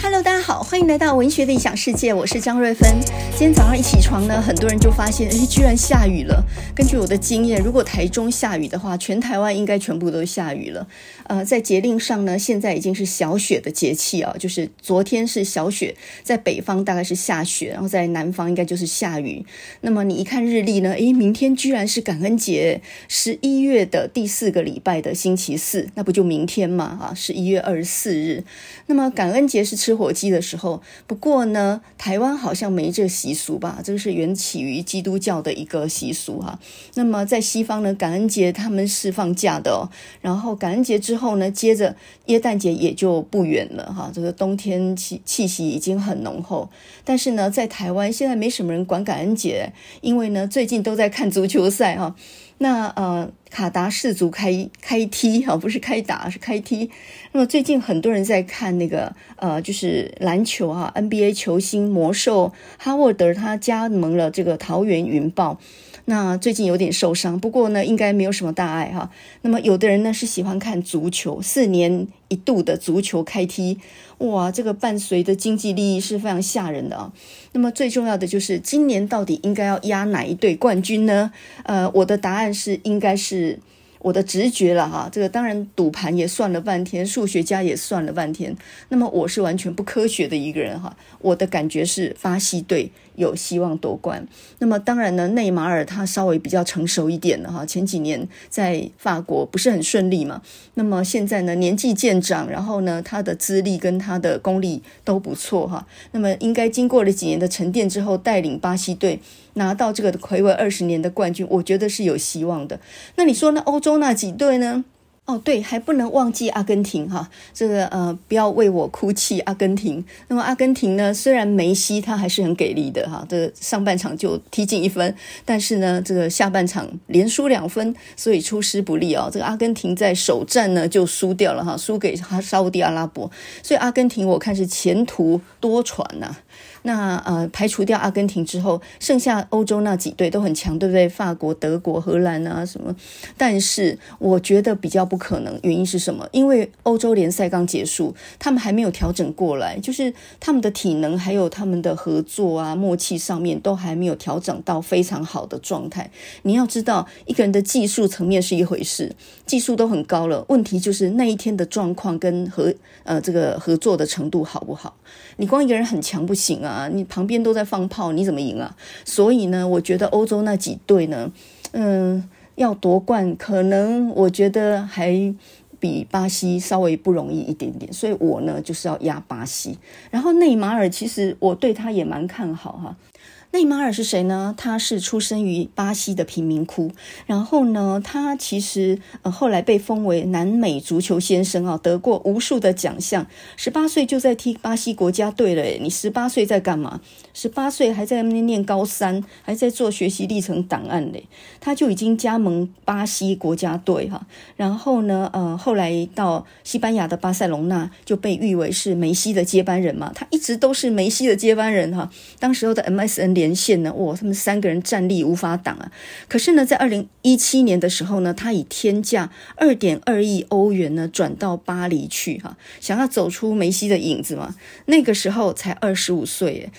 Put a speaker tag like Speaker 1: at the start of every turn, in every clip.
Speaker 1: Hello，大家好，歡迎來到文學的異想世界，我是張瑞芬。今天早上一起床呢，很多人就發現，哎，居然下雨了。根據我的經驗，如果台中下雨的話，全台灣應該全部都下雨了。呃，在節令上呢，現在已經是小雪的節氣啊，就是昨天是小雪，在北方大概是下雪，然後在南方應該就是下雨。那麼你一看日曆呢，哎，明天居然是感恩節，十一月的第四個禮拜的星期四，那不就明天嘛，啊，十一月二十四日。那麼感恩節是。吃火雞的時候，不過呢，台灣好像沒這個習俗吧？這是源起於基督教的一個習俗哈、啊。那麼在西方呢，感恩節他們是放假的、哦，然後感恩節之後呢，接着耶誕節也就不遠了哈。這個冬天氣氣息已經很濃厚，但是呢，在台灣現在沒什麼人管感恩節，因為呢，最近都在看足球賽哈、啊。那呃，卡達世足開開踢哈、啊，不是開打，是開踢。那麼最近很多人在看那個呃，就是籃球哈、啊，NBA 球星魔獸哈沃德他加盟了這個桃園雲豹。那最近有點受傷，不過呢，應該沒有什麼大礙哈。那麼，有的人呢是喜歡看足球，四年一度的足球開踢，哇，這個伴隨的經濟利益是非常嚇人的啊、哦。那麼，最重要的就是今年到底應該要押哪一隊冠軍呢？呃，我的答案是應該是我的直覺了哈。這個當然賭盤也算了半天，數學家也算了半天。那麼，我是完全不科學的一個人哈。我的感覺是巴西隊。有希望奪冠。那麼當然呢，內馬爾他稍微比較成熟一點了哈。前幾年在法國不是很順利嘛。那麼現在呢，年紀漸長，然後呢，他的資歷跟他的功力都不錯哈。那麼應該經過了幾年的沉澱之後，帶領巴西隊拿到這個暌違二十年的冠軍，我覺得是有希望的。那你說那歐洲那幾隊呢？哦，對，還不能忘記阿根廷哈，這個呃，不要為我哭泣，阿根廷。那麼阿根廷呢？雖然梅西他還是很給力的哈，這個、上半場就踢進一分，但是呢，這個下半場連輸兩分，所以出師不利哦，這個阿根廷在首戰呢就輸掉了哈，輸給哈沙烏地阿拉伯，所以阿根廷我看是前途多舛吶、啊。那呃，排除掉阿根廷之後，剩下歐洲那幾隊都很強，對不對？法國、德國、荷蘭啊什麼？但是我覺得比較不可能，原因是什麼？因為歐洲聯賽剛結束，他們還沒有調整過來，就是他們的體能還有他們的合作啊，默契上面都還沒有調整到非常好的狀態。你要知道，一個人的技術層面是一回事，技術都很高了，問題就是那一天的狀況跟合，呃，這個合作的程度好不好？你光一個人很強不行啊。啊，你旁邊都在放炮，你怎麼贏啊？所以呢，我覺得歐洲那幾隊呢，嗯，要奪冠可能我覺得還比巴西稍微不容易一點點，所以我呢就是要押巴西。然後內馬爾，其實我對他也蠻看好哈、啊。內馬爾是誰呢？他是出生於巴西的貧民窟，然後呢，他其實後來被封為南美足球先生啊，得過無數的獎項。十八歲就在踢巴西國家隊了。你十八歲在幹嘛？十八歲還在那念高三，還在做學習歷程檔案嘞。他就已經加盟巴西國家隊哈。然後呢，呃，後來到西班牙的巴塞隆納，就被譽為是梅西的接班人嘛。他一直都是梅西的接班人哈。當時候的 MSN 裡。前線呢？哇，他們三個人戰力無法擋啊！可是呢，在二零一七年的時候呢，他以天價二點二億歐元呢轉到巴黎去哈、啊，想要走出梅西的影子嘛？那個時候才二十五歲。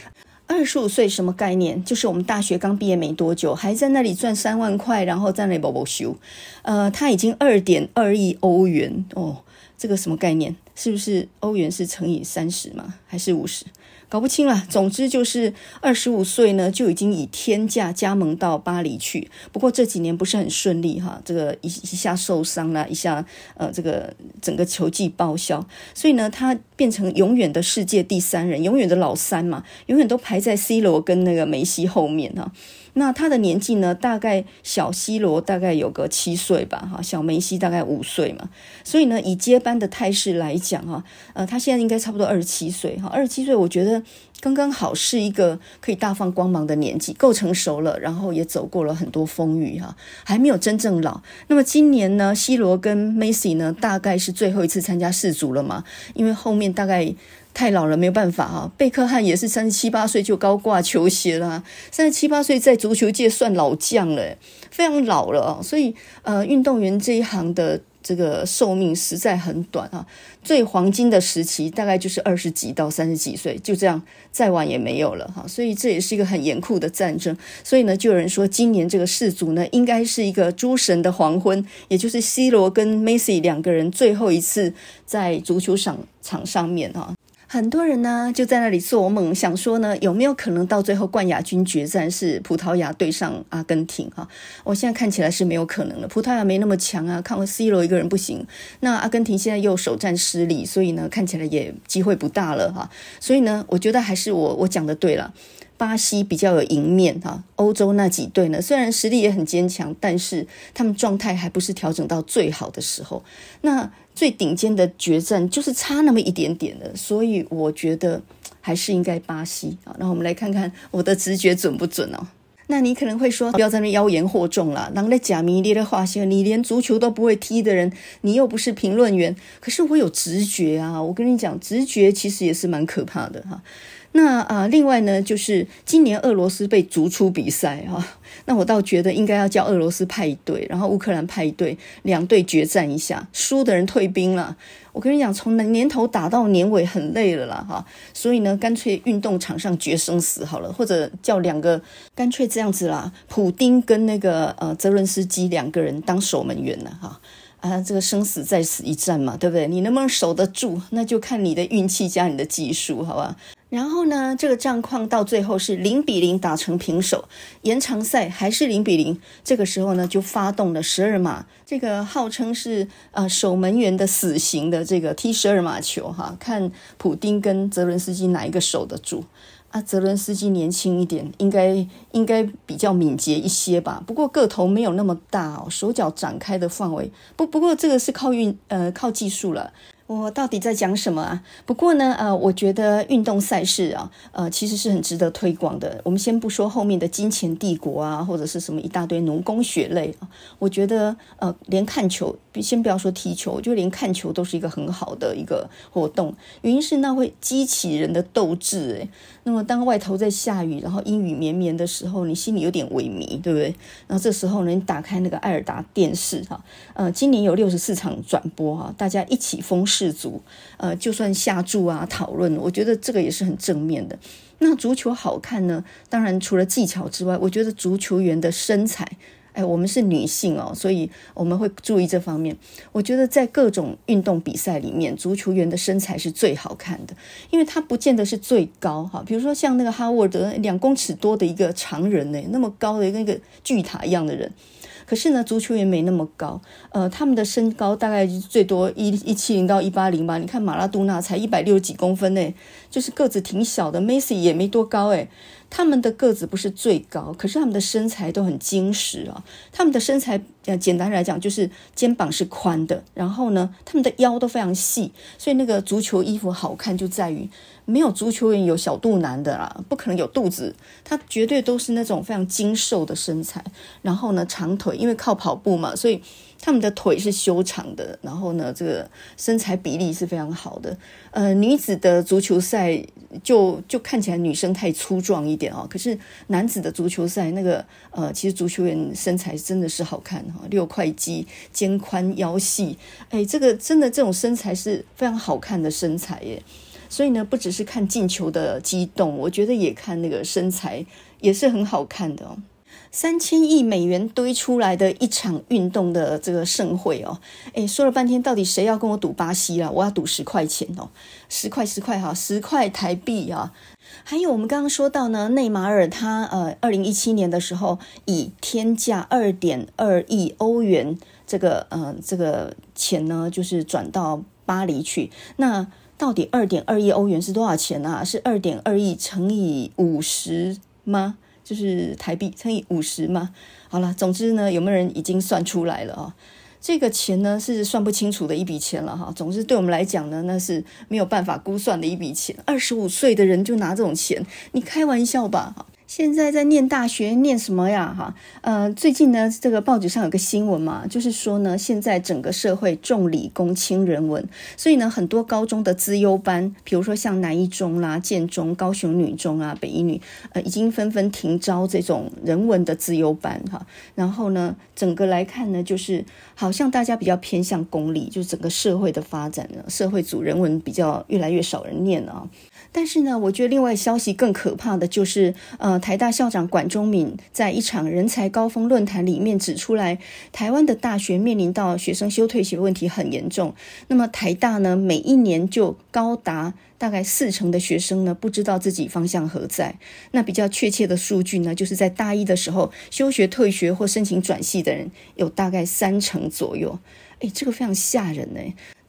Speaker 1: 二十五歲什麼概念？就是我們大學剛畢業沒多久，還在那裡賺三萬塊，然後在那裡補補呃，他已經二點二億歐元哦，這個什麼概念？是不是歐元是乘以三十嗎？還是五十？搞不清了，總之就是二十五歲呢，就已經以天價加盟到巴黎去。不過這幾年不是很順利哈、啊，這個一一下受傷了、啊，一下呃，這個整個球季報銷，所以呢，他變成永遠的世界第三人，永遠的老三嘛，永遠都排在 C 羅跟那個梅西後面哈、啊。那他的年紀呢？大概小 C 羅大概有個七歲吧，哈，小梅西大概五歲嘛。所以呢，以接班的態勢來講、啊，哈，呃，他現在應該差不多二十七歲，哈，二十七歲，我覺得剛剛好是一個可以大放光芒的年紀，夠成熟了，然後也走過了很多風雨、啊，哈，還沒有真正老。那麼今年呢，C 羅跟梅西呢，大概是最後一次參加世足了嘛？因為後面大概。太老了，沒有辦法啊！貝克漢也是三十七八歲就高掛球鞋了、啊，三十七八歲在足球界算老將了，非常老了哦、啊，所以，呃，運動員這一行的這個壽命實在很短啊。最黃金的時期大概就是二十幾到三十幾歲，就這樣，再晚也沒有了哈、啊。所以這也是一個很嚴酷的戰爭。所以呢，就有人說今年這個世足呢，應該是一個諸神的黃昏，也就是 C 羅跟梅西兩個人最後一次在足球場場上面哈、啊。很多人呢、啊、就在那裡做夢，想說呢，有沒有可能到最後冠亞軍決戰是葡萄牙對上阿根廷？哈、啊，我現在看起來是沒有可能了。葡萄牙沒那麼強啊，看我 C 羅一個人不行。那阿根廷現在又首戰失利，所以呢看起來也機會不大了哈、啊。所以呢，我覺得還是我我講的對了，巴西比較有贏面哈。歐、啊、洲那幾隊呢，雖然實力也很堅強，但是他們狀態還不是調整到最好的時候。那最頂尖的決戰就是差那麼一點點的，所以我覺得還是應該巴西啊。那我們來看看我的直覺準不準哦。那你可能會說，不要在那妖言惑眾了，哪那假迷戀的話說？你連足球都不會踢的人，你又不是評論員。可是我有直覺啊，我跟你講，直覺其實也是蠻可怕的哈。那啊，另外呢，就是今年俄羅斯被逐出比賽哈、啊，那我倒覺得應該要叫俄羅斯派一隊，然後烏克蘭派一隊，兩隊決戰一下，輸的人退兵了。我跟你講，從年頭打到年尾很累了啦哈、啊，所以呢，乾脆運動場上決生死好了，或者叫兩個，乾脆這樣子啦，普丁跟那個呃澤倫斯基兩個人當守門員了哈。啊啊，這個生死在此一戰嘛，對不對？你能不能守得住，那就看你的運氣加你的技術，好吧？然後呢，這個戰況到最後是零比零打成平手，延長賽還是零比零。這個時候呢，就發動了十二碼，這個號稱是啊、呃、守門員的死刑的這個踢十二碼球，哈，看普丁跟澤倫斯基哪一個守得住。啊，澤倫斯基年輕一點，應該，應該比較敏捷一些吧。不過個頭沒有那麼大哦，手腳展開的範圍，不，不過這個是靠運，呃，靠技術了。我到底在講什麼啊？不過呢，呃，我覺得運動賽事啊，呃，其實是很值得推廣的。我們先不說後面的金錢帝國啊，或者是什麼一大堆農工血淚啊，我覺得，呃，連看球，先不要說踢球，就連看球都是一個很好的一個活動。原因是那會激起人的鬥志。誒，那麼當外頭在下雨，然後陰雨綿綿的時候，你心裡有點萎靡，對不對？然後這時候呢，你打開那個愛爾達電視啊，哈，呃，今年有六十四場轉播啊，哈，大家一起瘋。世足，呃，就算下注啊，討論，我覺得這個也是很正面的。那足球好看呢？當然除了技巧之外，我覺得足球員的身材，哎，我們是女性哦，所以我們會注意這方面。我覺得在各種運動比賽裡面，足球員的身材是最好看的，因為他不見得是最高哈。比如說像那個哈沃德兩公尺多的一個長人哎，那麼高的一個巨塔一樣的人。可是呢，足球也沒那麼高。呃，他們的身高大概最多一一七零到一八零吧。你看馬拉多納才一百六十幾公分哎、欸，就是個子挺小的。梅西也沒多高哎、欸，他們的個子不是最高，可是他們的身材都很精實啊。他們的身材呃，簡單來講就是肩膀是寬的，然後呢，他們的腰都非常細，所以那個足球衣服好看就在於。沒有足球員有小肚腩的啦，不可能有肚子，他絕對都是那種非常精瘦的身材。然後呢，長腿，因為靠跑步嘛，所以他們的腿是修長的。然後呢，這個身材比例是非常好的。呃，女子的足球賽就就看起來女生太粗壯一點哦。可是男子的足球賽，那個呃，其實足球員身材真的是好看哈，六塊肌，肩寬腰細，哎，這個真的這種身材是非常好看的身材耶。所以呢，不只是看進球的激動，我覺得也看那個身材也是很好看的哦。三千億美元堆出來的一場運動的這個盛會哦，哎，說了半天，到底誰要跟我賭巴西啊？我要賭十塊錢哦，十塊十塊哈、啊，十塊台幣啊。還有我們剛剛說到呢，內馬爾他呃，二零一七年的時候以天價二點二億歐元，這個呃，這個錢呢，就是轉到巴黎去那。到底二點二億歐元是多少錢啊？是二點二億乘以五十嗎？就是台幣乘以五十嗎？好了，總之呢，有沒有人已經算出來了啊？這個錢呢是算不清楚的一筆錢了哈。總之對我們來講呢，那是沒有辦法估算的一筆錢。二十五歲的人就拿這種錢，你開玩笑吧？現在在念大學念什麼呀？哈，呃，最近呢，這個報紙上有個新聞嘛，就是說呢，現在整個社會重理工輕人文，所以呢，很多高中的資優班，比如說像南一中啦、啊、建中、高雄女中啊、北一女，呃，已經紛紛停招這種人文的資優班哈。然後呢，整個來看呢，就是好像大家比較偏向功利，就是整個社會的發展呢，社會組人文比較越來越少人念了、哦、啊。但是呢，我覺得另外消息更可怕的就是，呃，台大校長管中閔在一場人才高峰論壇裡面指出來，台灣的大學面臨到學生休退學問題很嚴重。那麼台大呢，每一年就高達大概四成的學生呢，不知道自己方向何在。那比較確切的數據呢，就是在大一的時候，休學、退學或申請轉系的人有大概三成左右。誒，這個非常嚇人呢。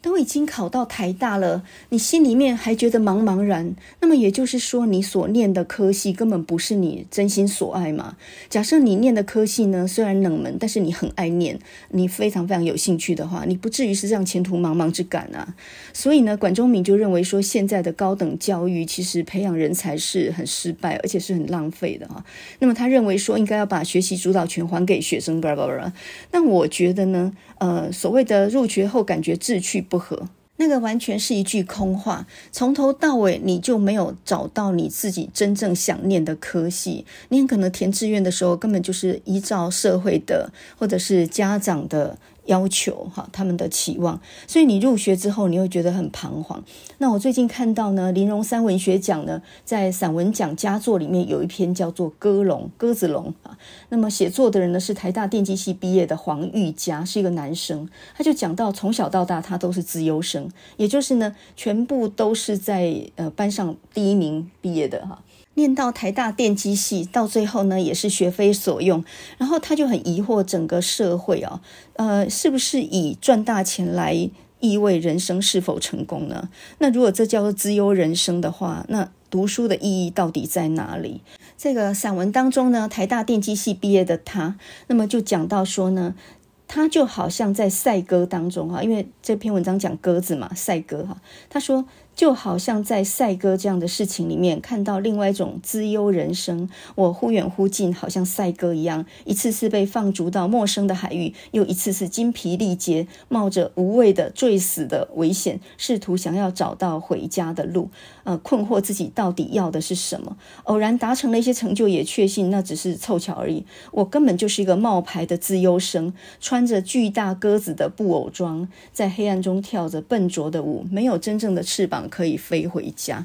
Speaker 1: 都已經考到台大了，你心裡面還覺得茫茫然？那麼也就是說，你所念的科系根本不是你真心所愛嘛？假設你念的科系呢，雖然冷門，但是你很愛念，你非常非常有興趣的話，你不至於是這樣前途茫茫之感啊？所以呢，管中閔就認為說，現在的高等教育其實培養人才是很失敗，而且是很浪費的啊。那麼他認為說，應該要把學習主導權還給學生。blah blah blah。那我覺得呢，呃，所謂的入學後感覺志趣。不合，那個完全是一句空話。從頭到尾，你就沒有找到你自己真正想念的科系。你很可能填志願的時候，根本就是依照社會的，或者是家長的。要求哈，他們的期望，所以你入學之後，你會覺得很彷徨。那我最近看到呢，林榮三文學獎呢，在散文獎佳作裡面有一篇叫做鴿籠《鴿籠》，鴿子籠啊。那麼寫作的人呢，是台大電機系畢業的黃玉嘉，是一個男生。他就講到，從小到大他都是資優生，也就是呢，全部都是在呃班上第一名畢業的哈。念到台大電機系，到最後呢，也是學非所用，然後他就很疑惑整個社會哦，呃，是不是以賺大錢來意味人生是否成功呢？那如果這叫做自由人生的話，那讀書的意義到底在哪裡？這個散文當中呢，台大電機系畢業的他，那麼就講到說呢，他就好像在賽鴿當中哈，因為這篇文章講鴿子嘛，賽鴿哈，他說。就好像在賽鴿這樣的事情裡面，看到另外一種資優人生。我忽遠忽近，好像賽鴿一樣，一次次被放逐到陌生的海域，又一次次精疲力竭，冒着無謂的墜死的危險，試圖想要找到回家的路。呃，困惑自己到底要的是什麼。偶然達成了一些成就也，也確信那只是湊巧而已。我根本就是一個冒牌的資優生，穿着巨大鴿子的布偶裝，在黑暗中跳着笨拙的舞，沒有真正的翅膀，可以飛回家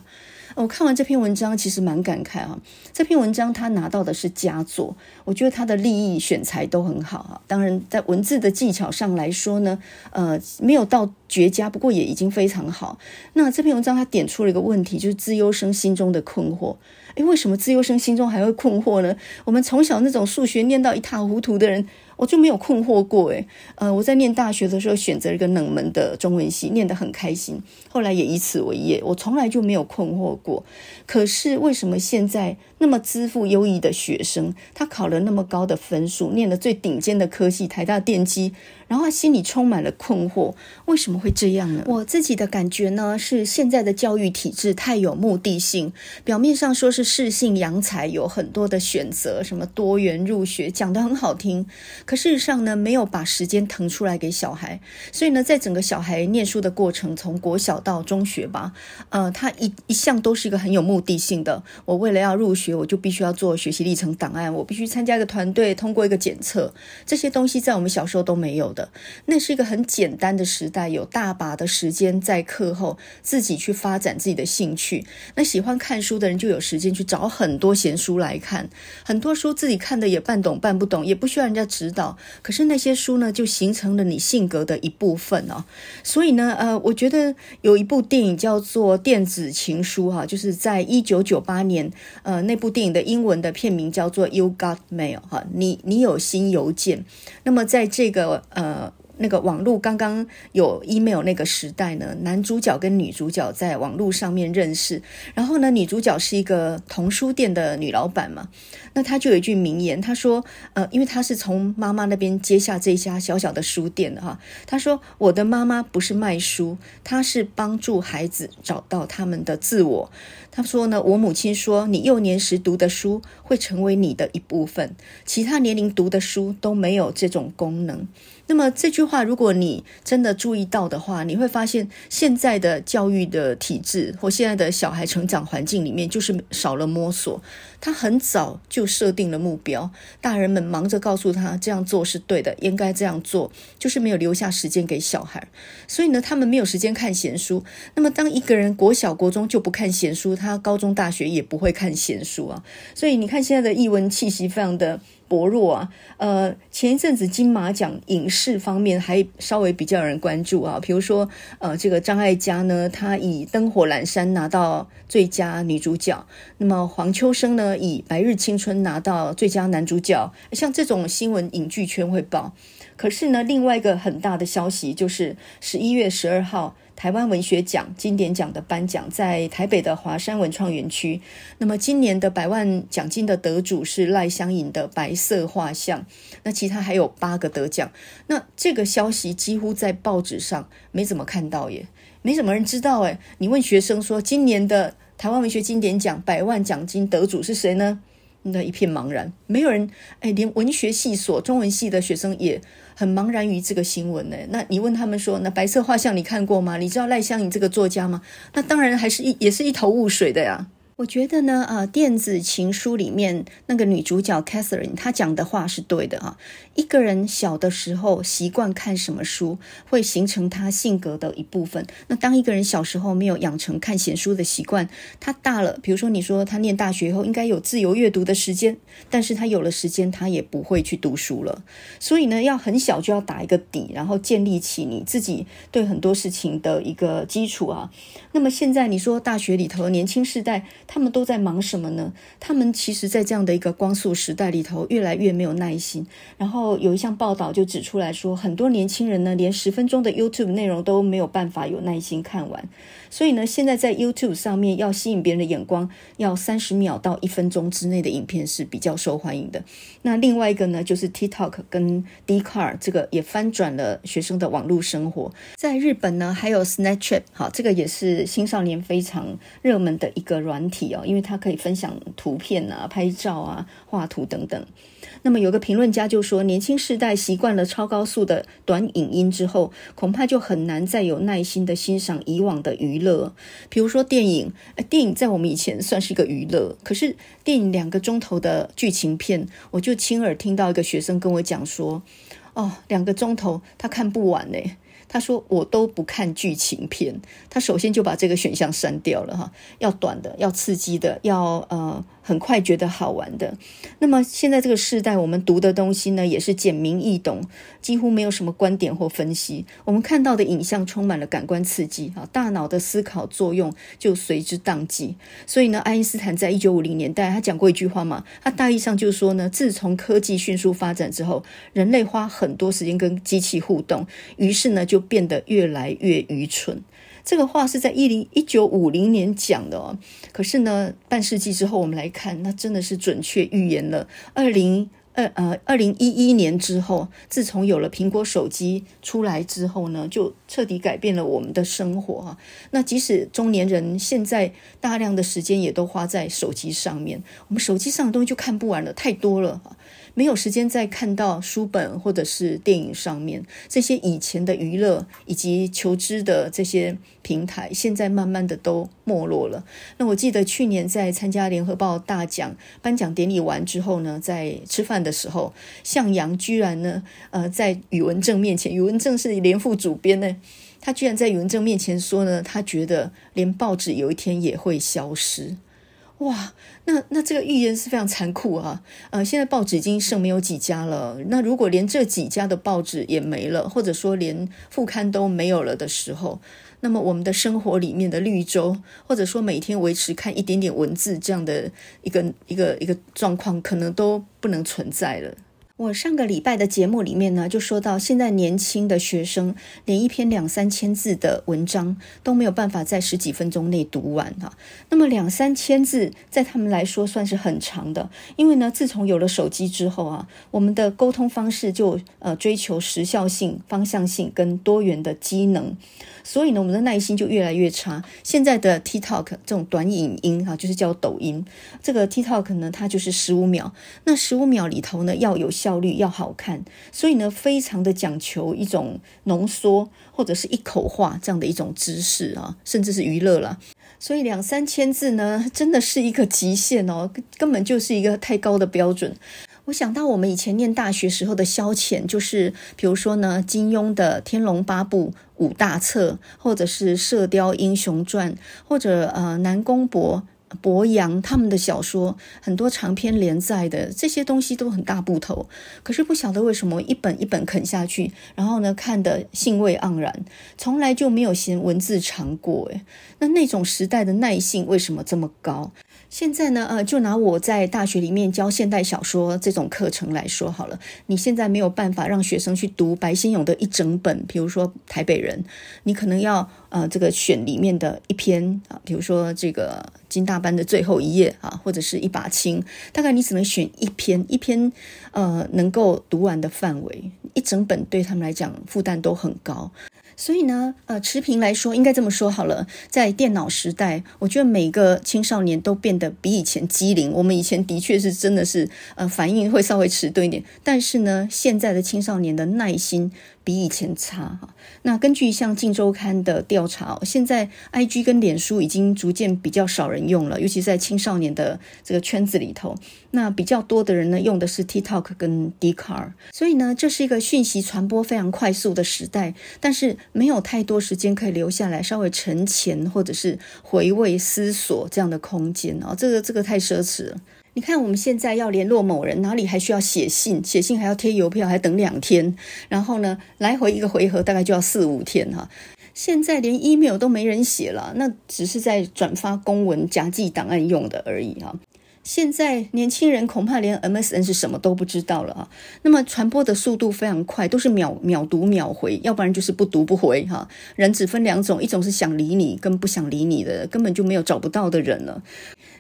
Speaker 1: 啊。我看完這篇文章，其實蠻感慨啊。這篇文章他拿到的是佳作，我覺得他的立意選材都很好。當然在文字的技巧上來說呢，呃，沒有到絕佳，不過也已經非常好。那這篇文章他點出了一個問題，就是資優生心中的困惑。哎，為什麼資優生心中還會困惑呢？我們從小那種數學念到一塌糊塗的人，我就沒有困惑過。哎，呃，我在念大學的時候選擇一個冷門的中文系，念得很開心，後來也以此為業，我從來就沒有困惑過。可是為什麼現在？那麼，資賦優異的學生，他考了那麼高的分數，念了最頂尖的科系，台大電機。然後心裡充滿了困惑，為什麼會這樣呢？我自己的感覺呢，是現在的教育體制太有目的性，表面上說是適性揚才，有很多的選擇，什麼多元入學，講得很好聽，可事實上呢，沒有把時間騰出來給小孩。所以呢，在整個小孩念書的過程，從國小到中學吧，呃，他一一向都是一個很有目的性的。我為了要入學，我就必須要做學習歷程檔案，我必須參加一個團隊，通過一個檢測，這些東西在我們小時候都沒有的。那是一個很簡單的時代，有大把的時間在課後自己去發展自己的興趣。那喜歡看書的人就有時間去找很多閒書來看，很多書自己看的也半懂半不懂，也不需要人家指導。可是那些書呢，就形成了你性格的一部分哦。所以呢，呃，我覺得有一部電影叫做《電子情書》哈、啊，就是在一九九八年，呃，那部電影的英文的片名叫做《You Got Mail》哈、啊，你你有新郵件。那麼在這個呃。呃，那個網絡剛剛有 email 那個時代呢，男主角跟女主角在網絡上面認識，然後呢，女主角是一個童書店的女老闆嘛，那她就有一句名言，她說，呃，因為她是從媽媽那邊接下這一家小小的書店的、啊、哈，她說，我的媽媽不是賣書，她是幫助孩子找到他們的自我。她說呢，我母親說，你幼年時讀的書會成為你的一部分，其他年齡讀的書都沒有這種功能。那麼這句話，如果你真的注意到的話，你會發現現在的教育的體制或現在的小孩成長環境裡面，就是少了摸索。他很早就設定了目標，大人們忙着告訴他這樣做是對的，應該這樣做，就是沒有留下時間給小孩。所以呢，他們沒有時間看閒書。那麼，當一個人國小、國中就不看閒書，他高中、大學也不會看閒書啊。所以你看，現在的藝文氣息非常的薄弱啊。呃，前一陣子金馬獎影視方面還稍微比較有人關注啊，比如說呃，這個張艾嘉呢，她以《燈火闌珊》拿到最佳女主角。那麼黃秋生呢？以《白日青春》拿到最佳男主角，像這種新聞影劇圈會報。可是呢，另外一個很大的消息就是十一月十二號，台灣文學獎經典獎的頒獎在台北的華山文創園區。那麼今年的百萬獎金的得主是賴香吟的《白色畫像》，那其他還有八個得獎。那這個消息幾乎在報紙上沒怎麼看到耶，沒什麼人知道哎。你問學生說，今年的。台灣文學經典獎百萬獎金得主是誰呢？那一片茫然，沒有人。哎、欸，連文學系所中文系的學生也很茫然於這個新聞呢、欸。那你問他們說：“那白色畫像你看過嗎？你知道賴香吟這個作家嗎？”那當然還是一也是一頭霧水的呀。我覺得呢，啊，電子情書裡面那個女主角 Catherine 她講的話是對的哈、啊。一個人小的時候習慣看什麼書，會形成他性格的一部分。那當一個人小時候沒有養成看閒書的習慣，他大了，比如說你說他念大學以後應該有自由閱讀的時間，但是他有了時間，他也不會去讀書了。所以呢，要很小就要打一個底，然後建立起你自己對很多事情的一個基礎啊。那麼現在你說大學裡頭年輕時代。他們都在忙什麼呢？他們其實，在這樣的一個光速時代裡頭，越來越沒有耐心。然後有一項報道就指出來說，很多年輕人呢，連十分鐘的 YouTube 內容都沒有辦法有耐心看完。所以呢，現在在 YouTube 上面要吸引別人的眼光，要三十秒到一分鐘之內的影片是比較受歡迎的。那另外一個呢，就是 TikTok 跟 Dcar 這個也翻轉了學生的網絡生活。在日本呢，還有 Snapchat，好，這個也是青少年非常熱門的一個軟體哦，因為它可以分享圖片啊、拍照啊、畫圖等等。那麼有個評論家就說，年輕世代習慣了超高速的短影音之後，恐怕就很難再有耐心的欣賞以往的娛樂。樂，比如說電影，電影在我們以前算是一個娛樂。可是電影兩個鐘頭的劇情片，我就親耳聽到一個學生跟我講說：“哦，兩個鐘頭他看不完呢。”他說：“我都不看劇情片，他首先就把這個選項刪掉了哈，要短的，要刺激的，要呃。”很快覺得好玩的。那麼現在這個時代，我們讀的東西呢，也是簡明易懂，幾乎沒有什麼觀點或分析。我們看到的影像充滿了感官刺激，啊，大腦的思考作用就隨之當機。所以呢，愛因斯坦在一九五零年代，他講過一句話嘛，他大意上就是說呢，自從科技迅速發展之後，人類花很多時間跟機器互動，於是呢，就變得越來越愚蠢。這個話是在一零一九五零年講的哦，可是呢，半世紀之後我們來看，那真的是準確預言了二零二呃二零一一年之後，自從有了蘋果手機出來之後呢，就徹底改變了我們的生活哈、啊，那即使中年人現在大量的時間也都花在手機上面，我們手機上的東西就看不完了，太多了。沒有時間再看到書本或者是電影上面這些以前的娛樂以及求知的這些平台，現在慢慢的都沒落了。那我記得去年在參加聯合報大獎頒獎典禮完之後呢，在吃飯的時候，向陽居然呢，呃，在宇文正面前，宇文正是聯副主編呢，他居然在宇文正面前說呢，他覺得連報紙有一天也會消失。哇，那那這個預言是非常殘酷啊！呃，現在報紙已經剩沒有幾家了。那如果連這幾家的報紙也沒了，或者說連副刊都沒有了的時候，那麼我們的生活裡面的綠洲，或者說每天維持看一點點文字這樣的一個一個一個狀況，可能都不能存在了。我上個禮拜的節目裡面呢，就說到現在年輕的學生連一篇兩三千字的文章都沒有辦法在十幾分鐘內讀完哈啊。那麼兩三千字在他們來說算是很長的，因為呢，自從有了手機之後啊，我們的溝通方式就呃追求時效性、方向性跟多元的機能。所以呢，我們的耐心就越來越差。現在的 TikTok 這種短影音啊，就是叫抖音。這個 TikTok 呢，它就是十五秒。那十五秒裡頭呢，要有效率，要好看。所以呢，非常的講求一種濃縮，或者是一口話這樣的一種知識啊，甚至是娛樂啦。所以兩三千字呢，真的是一個極限哦，根本就是一個太高的標準。我想到我們以前念大學時候的消遣，就是比如說呢，金庸的《天龍八部》五大冊，或者是《射鵰英雄傳》，或者呃南宮博、博洋他們的小說，很多長篇連載的這些東西都很大部頭，可是不曉得為什麼一本一本啃下去，然後呢看得興味盎然，從來就沒有嫌文字長過。誒，那那種時代的耐性為什麼這麼高？現在呢，呃，就拿我在大學裡面教現代小說這種課程來說好了。你現在沒有辦法讓學生去讀白先勇的一整本，比如說《台北人》，你可能要呃這個選裡面的一篇啊，比如說這個金大班的最後一夜啊，或者是一把青，大概你只能選一篇，一篇呃能夠讀完的範圍，一整本對他們來講負擔都很高。所以呢，呃，持平來說，應該這麼說好了，在電腦時代，我覺得每個青少年都變得比以前機靈。我們以前的確是真的是，呃，反應會稍微遲鈍一點，但是呢，現在的青少年的耐心比以前差那根據一項《鏡周刊》的調查，現在 IG 跟臉書已經逐漸比較少人用了，尤其在青少年的這個圈子裡頭。那比較多的人呢，用的是 TikTok 跟 Dcard。所以呢，這是一個訊息傳播非常快速的時代，但是沒有太多時間可以留下來稍微沉潛或者是回味思索這樣的空間哦，這個這個太奢侈了。你看，我們現在要聯絡某人，哪裡還需要寫信？寫信還要貼郵票，還等兩天。然後呢，來回一個回合，大概就要四五天哈。現在連 email 都沒人寫了，那只是在轉發公文、夾記檔案用的而已哈。現在年輕人恐怕連 MSN 是什麼都不知道了哈。那麼傳播的速度非常快，都是秒秒讀秒回，要不然就是不讀不回哈。人只分兩種，一種是想理你，跟不想理你的，根本就沒有找不到的人了。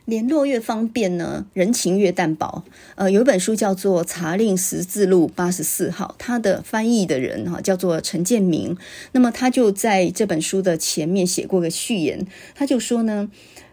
Speaker 1: 聯絡越方便呢，人情越淡薄。呃，有一本書叫做《查令十字路八十四號》，它的翻譯的人哈、哦、叫做陳建明。那麼他就在這本書的前面寫過個序言，他就說呢，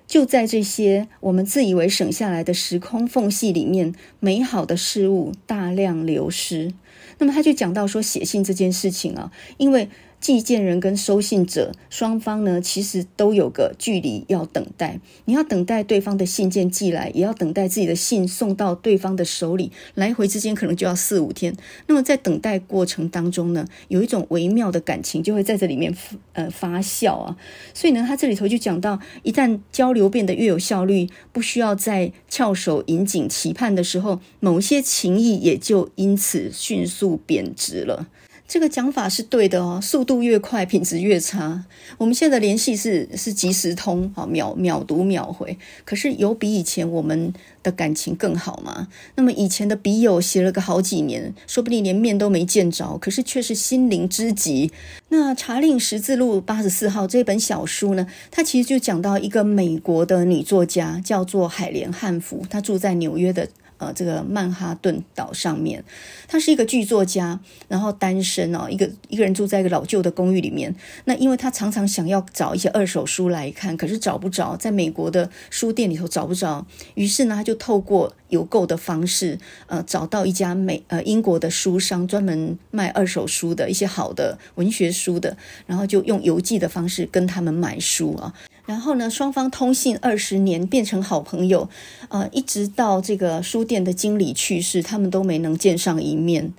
Speaker 1: 就在這些我們自以為省下來的時空縫隙裡面，美好的事物大量流失。那麼他就講到說，寫信這件事情啊，因為寄件人跟收信者雙方呢，其實都有個距離要等待。你要等待對方的信件寄來，也要等待自己的信送到對方的手裡。來回之間可能就要四五天。那麼在等待過程當中呢，有一種微妙的感情就會在這裡面呃發酵啊。所以呢，他這裡頭就講到，一旦交流變得越有效率，不需要再翹首引頸期盼的時候，某些情誼也就因此迅速貶值了。這個講法是對的哦，速度越快，品質越差。我們現在的聯繫是是即時通，秒秒讀秒回。可是有比以前我們的感情更好嗎？那麼以前的筆友寫了個好幾年，說不定連面都沒見着，可是卻是心靈知己。那《查令十字路八十四號》這本小書呢，它其實就講到一個美國的女作家，叫做海蓮·漢芙，她住在紐約的。呃，這個曼哈頓島上面，他是一個劇作家，然後單身哦，一個一個人住在一個老舊的公寓裡面。那因為他常常想要找一些二手書來看，可是找不着，在美國的書店裡頭找不着。於是呢，他就透過郵購的方式，呃，找到一家美，呃，英國的書商，專門賣二手書的一些好的文學書的，然後就用郵寄的方式跟他們買書啊。然後呢，雙方通信二十年，變成好朋友，呃，一直到這個書店的經理去世，他們都沒能見上一面。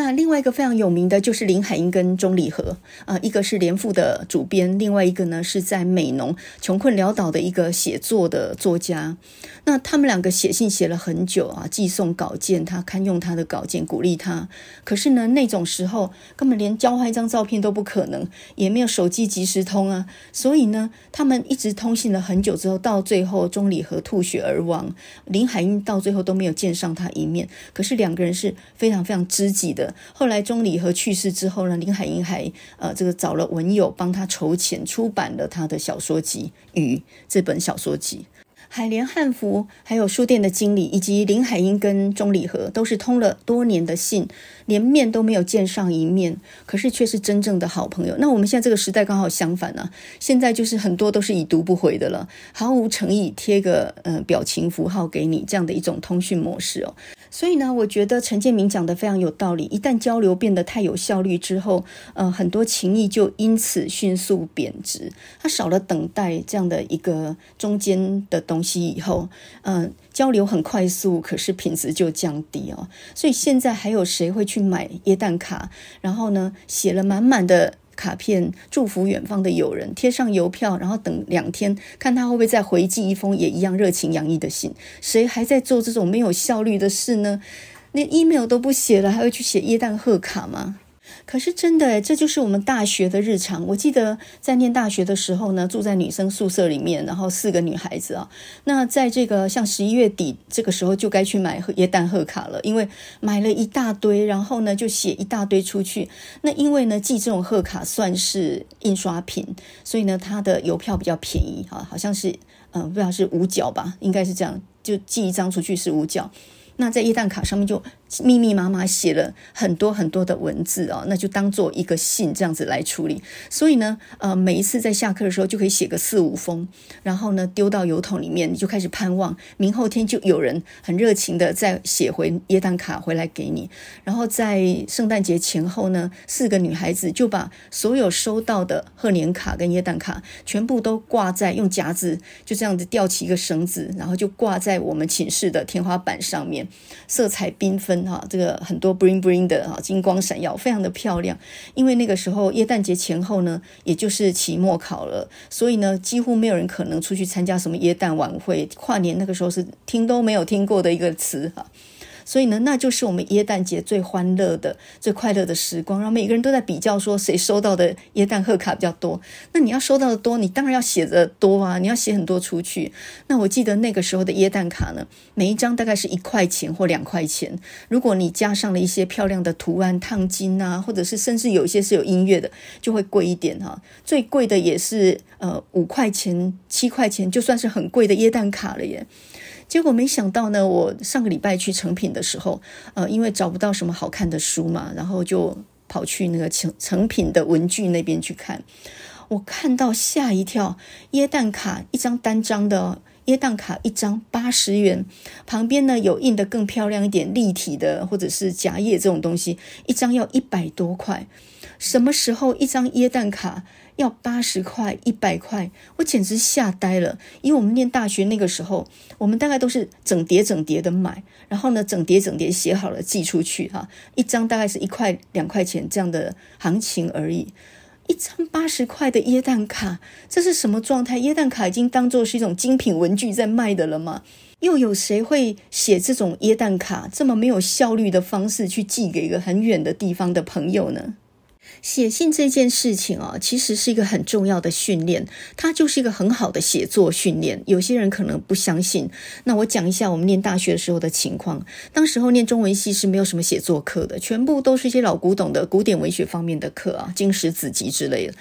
Speaker 1: 那另外一個非常有名的就是林海音跟鍾理和，啊、呃，一個是聯副的主編，另外一個呢是在美濃窮困潦倒的一個寫作的作家。那他們兩個寫信寫了很久啊，寄送稿件，他刊用他的稿件鼓勵他。可是呢，那種時候根本連交換一張照片都不可能，也沒有手機即時通啊。所以呢，他們一直通信了很久之後，到最後鍾理和吐血而亡，林海音到最後都沒有見上他一面。可是兩個人是非常非常知己的。後來鍾理和去世之後呢，林海音還呃這個找了文友幫他籌錢出版了他的小說集《雨》這本小說集，海蓮漢芙還有書店的經理以及林海音跟鍾理和都是通了多年的信。連面都沒有見上一面，可是卻是真正的好朋友。那我們現在這個時代剛好相反呢，啊，現在就是很多都是已讀不回的了，毫無誠意，貼個呃表情符號給你這樣的一種通訊模式哦。所以呢，我覺得陳建明講得非常有道理。一旦交流變得太有效率之後，呃，很多情誼就因此迅速貶值。他少了等待這樣的一個中間的東西以後，嗯、呃。交流很快速，可是品質就降低哦。所以現在還有誰會去買耶誕卡？然後呢，寫了滿滿的卡片，祝福遠方的友人，貼上郵票，然後等兩天，看他會不會再回寄一封也一樣熱情洋溢的信？誰還在做這種沒有效率的事呢？連 email 都不寫了，還會去寫耶誕賀卡嗎？可是真的、欸，這就是我們大學的日常。我記得在念大學的時候呢，住在女生宿舍裡面，然後四個女孩子啊。那在這個像十一月底這個時候，就該去買耶誕賀卡了，因為買了一大堆，然後呢就寫一大堆出去。那因為呢寄這種賀卡算是印刷品，所以呢它的郵票比較便宜啊，好像是嗯、呃、不知道是五角吧，應該是這樣，就寄一張出去是五角。那在耶誕卡上面就，密密麻麻寫了很多很多的文字哦，那就當做一個信這樣子來處理。所以呢，呃，每一次在下課的時候就可以寫個四五封，然後呢丟到郵筒裡面，你就開始盼望明後天就有人很熱情的再寫回耶誕卡回來給你。然後在聖誕節前後呢，四個女孩子就把所有收到的賀年卡跟耶誕卡全部都掛在用夾子就這樣子吊起一個繩子，然後就掛在我們寢室的天花板上面，色彩繽紛。啊，這個很多 bling bling 的啊，金光閃耀，非常的漂亮。因為那個時候，耶誕節前後呢，也就是期末考了，所以呢，幾乎沒有人可能出去參加什麼耶誕晚會。跨年那個時候是聽都沒有聽過的一個詞。所以呢，那就是我們耶誕節最歡樂的、最快樂的時光，然後每個人都在比較說誰收到的耶誕賀卡比較多。那你要收到的多，你當然要寫的多啊！你要寫很多出去。那我記得那個時候的耶誕卡呢，每一張大概是一塊錢或兩塊錢。如果你加上了一些漂亮的圖案、燙金啊，或者是甚至有一些是有音樂的，就會貴一點哈、啊。最貴的也是呃五塊錢、七塊錢，就算是很貴的耶誕卡了耶。結果沒想到呢，我上個禮拜去誠品的時候，呃，因為找不到什麼好看的書嘛，然後就跑去那個誠品的文具那邊去看。我看到嚇一跳，耶誕卡一張單張的耶誕卡一張八十元，旁邊呢有印得更漂亮一點、立體的或者是夾頁這種東西，一張要一百多塊。什麼時候一張耶誕卡？要八十塊、一百塊，我簡直嚇呆了。因為我們念大學那個時候，我們大概都是整疊整疊的買，然後呢，整疊整疊寫好了寄出去哈。一張大概是一塊兩塊錢這樣的行情而已。一張八十塊的耶誕卡，這是什麼狀態？耶誕卡已經當作是一種精品文具在賣的了嗎？又有誰會寫這種耶誕卡這麼沒有效率的方式去寄給一個很遠的地方的朋友呢？寫信這件事情啊、哦，其實是一個很重要的訓練，它就是一個很好的寫作訓練。有些人可能不相信，那我講一下我們念大學的時候的情況。當時候念中文系是沒有什麼寫作課的，全部都是一些老古董的古典文學方面的課啊，經史子集之類的。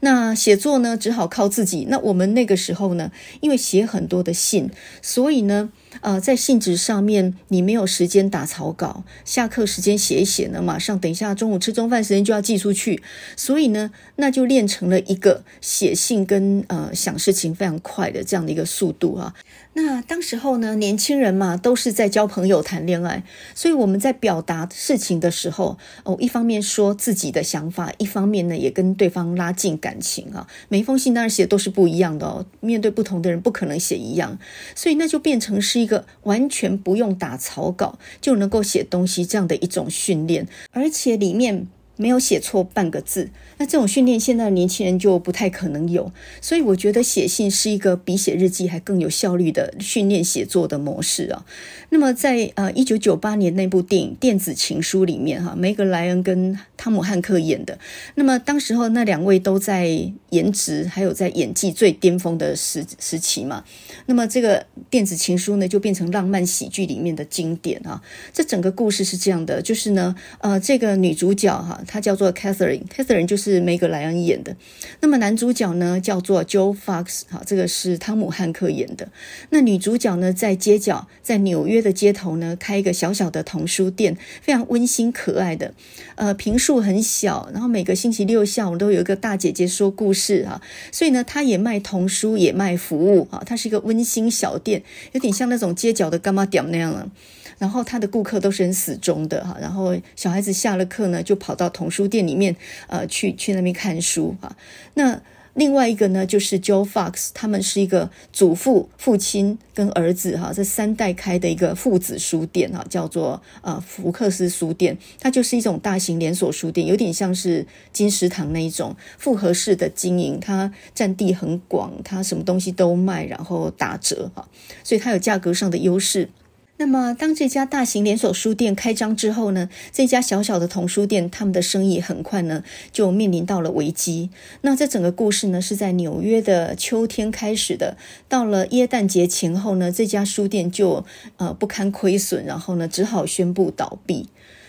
Speaker 1: 那寫作呢，只好靠自己。那我們那個時候呢，因為寫很多的信，所以呢。呃，在信紙上面，你沒有時間打草稿，下課時間寫一寫呢，馬上等一下中午吃中飯時間就要寄出去，所以呢，那就練成了一個寫信跟呃想事情非常快的這樣的一個速度啊。那當時候呢，年輕人嘛，都是在交朋友、談戀愛，所以我們在表達事情的時候，哦，一方面說自己的想法，一方面呢也跟對方拉近感情啊。每一封信當然寫都是不一樣的哦，面對不同的人不可能寫一樣，所以那就變成是一個完全不用打草稿就能夠寫東西這樣的一種訓練，而且裡面。沒有寫錯半個字，那這種訓練現在的年輕人就不太可能有，所以我覺得寫信是一個比寫日記還更有效率的訓練寫作的模式啊。那麼在呃一九九八年那部電影《電子情書》裡面，啊，哈梅格萊恩跟湯姆漢克演的，那麼當時候那兩位都在顏值還有在演技最巔峰的時時期嘛，那麼這個《電子情書》呢就變成浪漫喜劇裡面的經典啊。這整個故事是這樣的，就是呢，呃，這個女主角哈、啊。她叫做 Catherine，Catherine Catherine 就是梅格萊恩演的。那麼男主角呢叫做 Joe Fox，好，這個是湯姆漢克演的。那女主角呢在街角，在紐約的街頭呢開一個小小的童書店，非常溫馨可愛的。呃，坪數很小，然後每個星期六下午都有一個大姐姐說故事哈、啊、所以呢，她也賣童書，也賣服務啊，它是一個溫馨小店，有點像那種街角的柑仔店那樣了、啊。然後他的顧客都是很死忠的哈，然後小孩子下了課呢，就跑到童書店裡面，呃，去去那邊看書哈、啊。那另外一個呢，就是 Joe Fox，他們是一個祖父、父親跟兒子哈，這、啊、三代開的一個父子書店哈、啊，叫做呃、啊、福克斯書店。它就是一種大型連鎖書店，有點像是金石堂那一種複合式的經營。它占地很廣，它什麼東西都賣，然後打折哈、啊，所以它有價格上的優勢。那麼，當這家大型連鎖書店開張之後呢，這家小小的童書店，他們的生意很快呢就面臨到了危機。那這整個故事呢是在紐約的秋天開始的。到了耶誕節前後呢，這家書店就呃不堪虧損，然後呢只好宣布倒閉。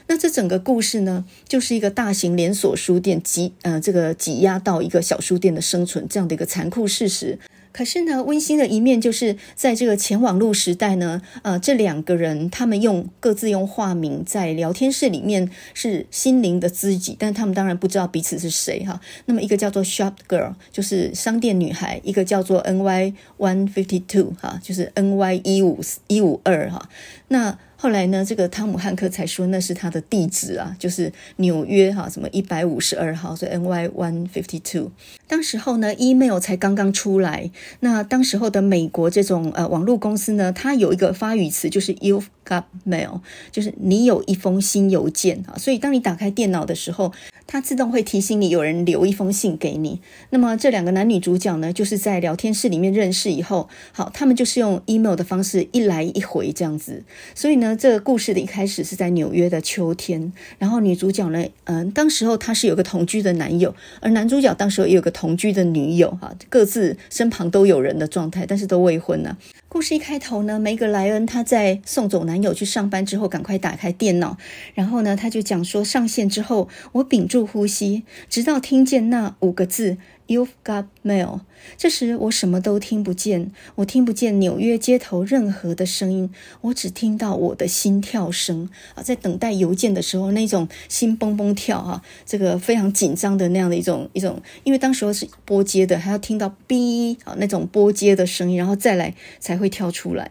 Speaker 1: 那這整個故事呢，就是一個大型連鎖書店擠呃這個擠壓到一個小書店的生存這樣的一個殘酷事實。可是呢，溫馨的一面就是在這個前網路時代呢，呃，這兩個人他們用各自用化名在聊天室裡面是心靈的知己，但他們當然不知道彼此是誰哈。那麼一個叫做 Shop Girl，就是商店女孩；一個叫做 N Y One Fifty Two 哈，就是 N Y 一五一五二哈。那後來呢，這個湯姆漢克才說那是他的地址啊，就是紐約哈、啊，什麼一百五十二號，所以 N Y one fifty two。當時候呢，email 才剛剛出來，那當時候的美國這種呃網絡公司呢，它有一個發語詞就是 You。Got Mail 就是你有一封新郵件啊，所以當你打開電腦的時候，它自動會提醒你有人留一封信給你。那麼這兩個男女主角呢，就是在聊天室裡面認識以後，好，他們就是用 email 的方式一來一回這樣子。所以呢，這個故事的一開始是在紐約的秋天，然後女主角呢，嗯、呃，當時候她是有個同居的男友，而男主角當時候也有個同居的女友哈，各自身旁都有人的狀態，但是都未婚呢、啊。故事一開頭呢，梅格萊恩她在送走男。友去上班之後，趕快打開電腦。然後呢，他就講說，上線之後，我屏住呼吸，直到聽見那五個字 “You've got mail”。這時我什麼都聽不見，我聽不見紐約街頭任何的聲音，我只聽到我的心跳聲啊。在等待郵件的時候，那種心蹦蹦跳啊，這個非常緊張的那樣的一種一種，因為當時候是撥接的，還要聽到“嗶”啊那種撥接的聲音，然後再來才會跳出來。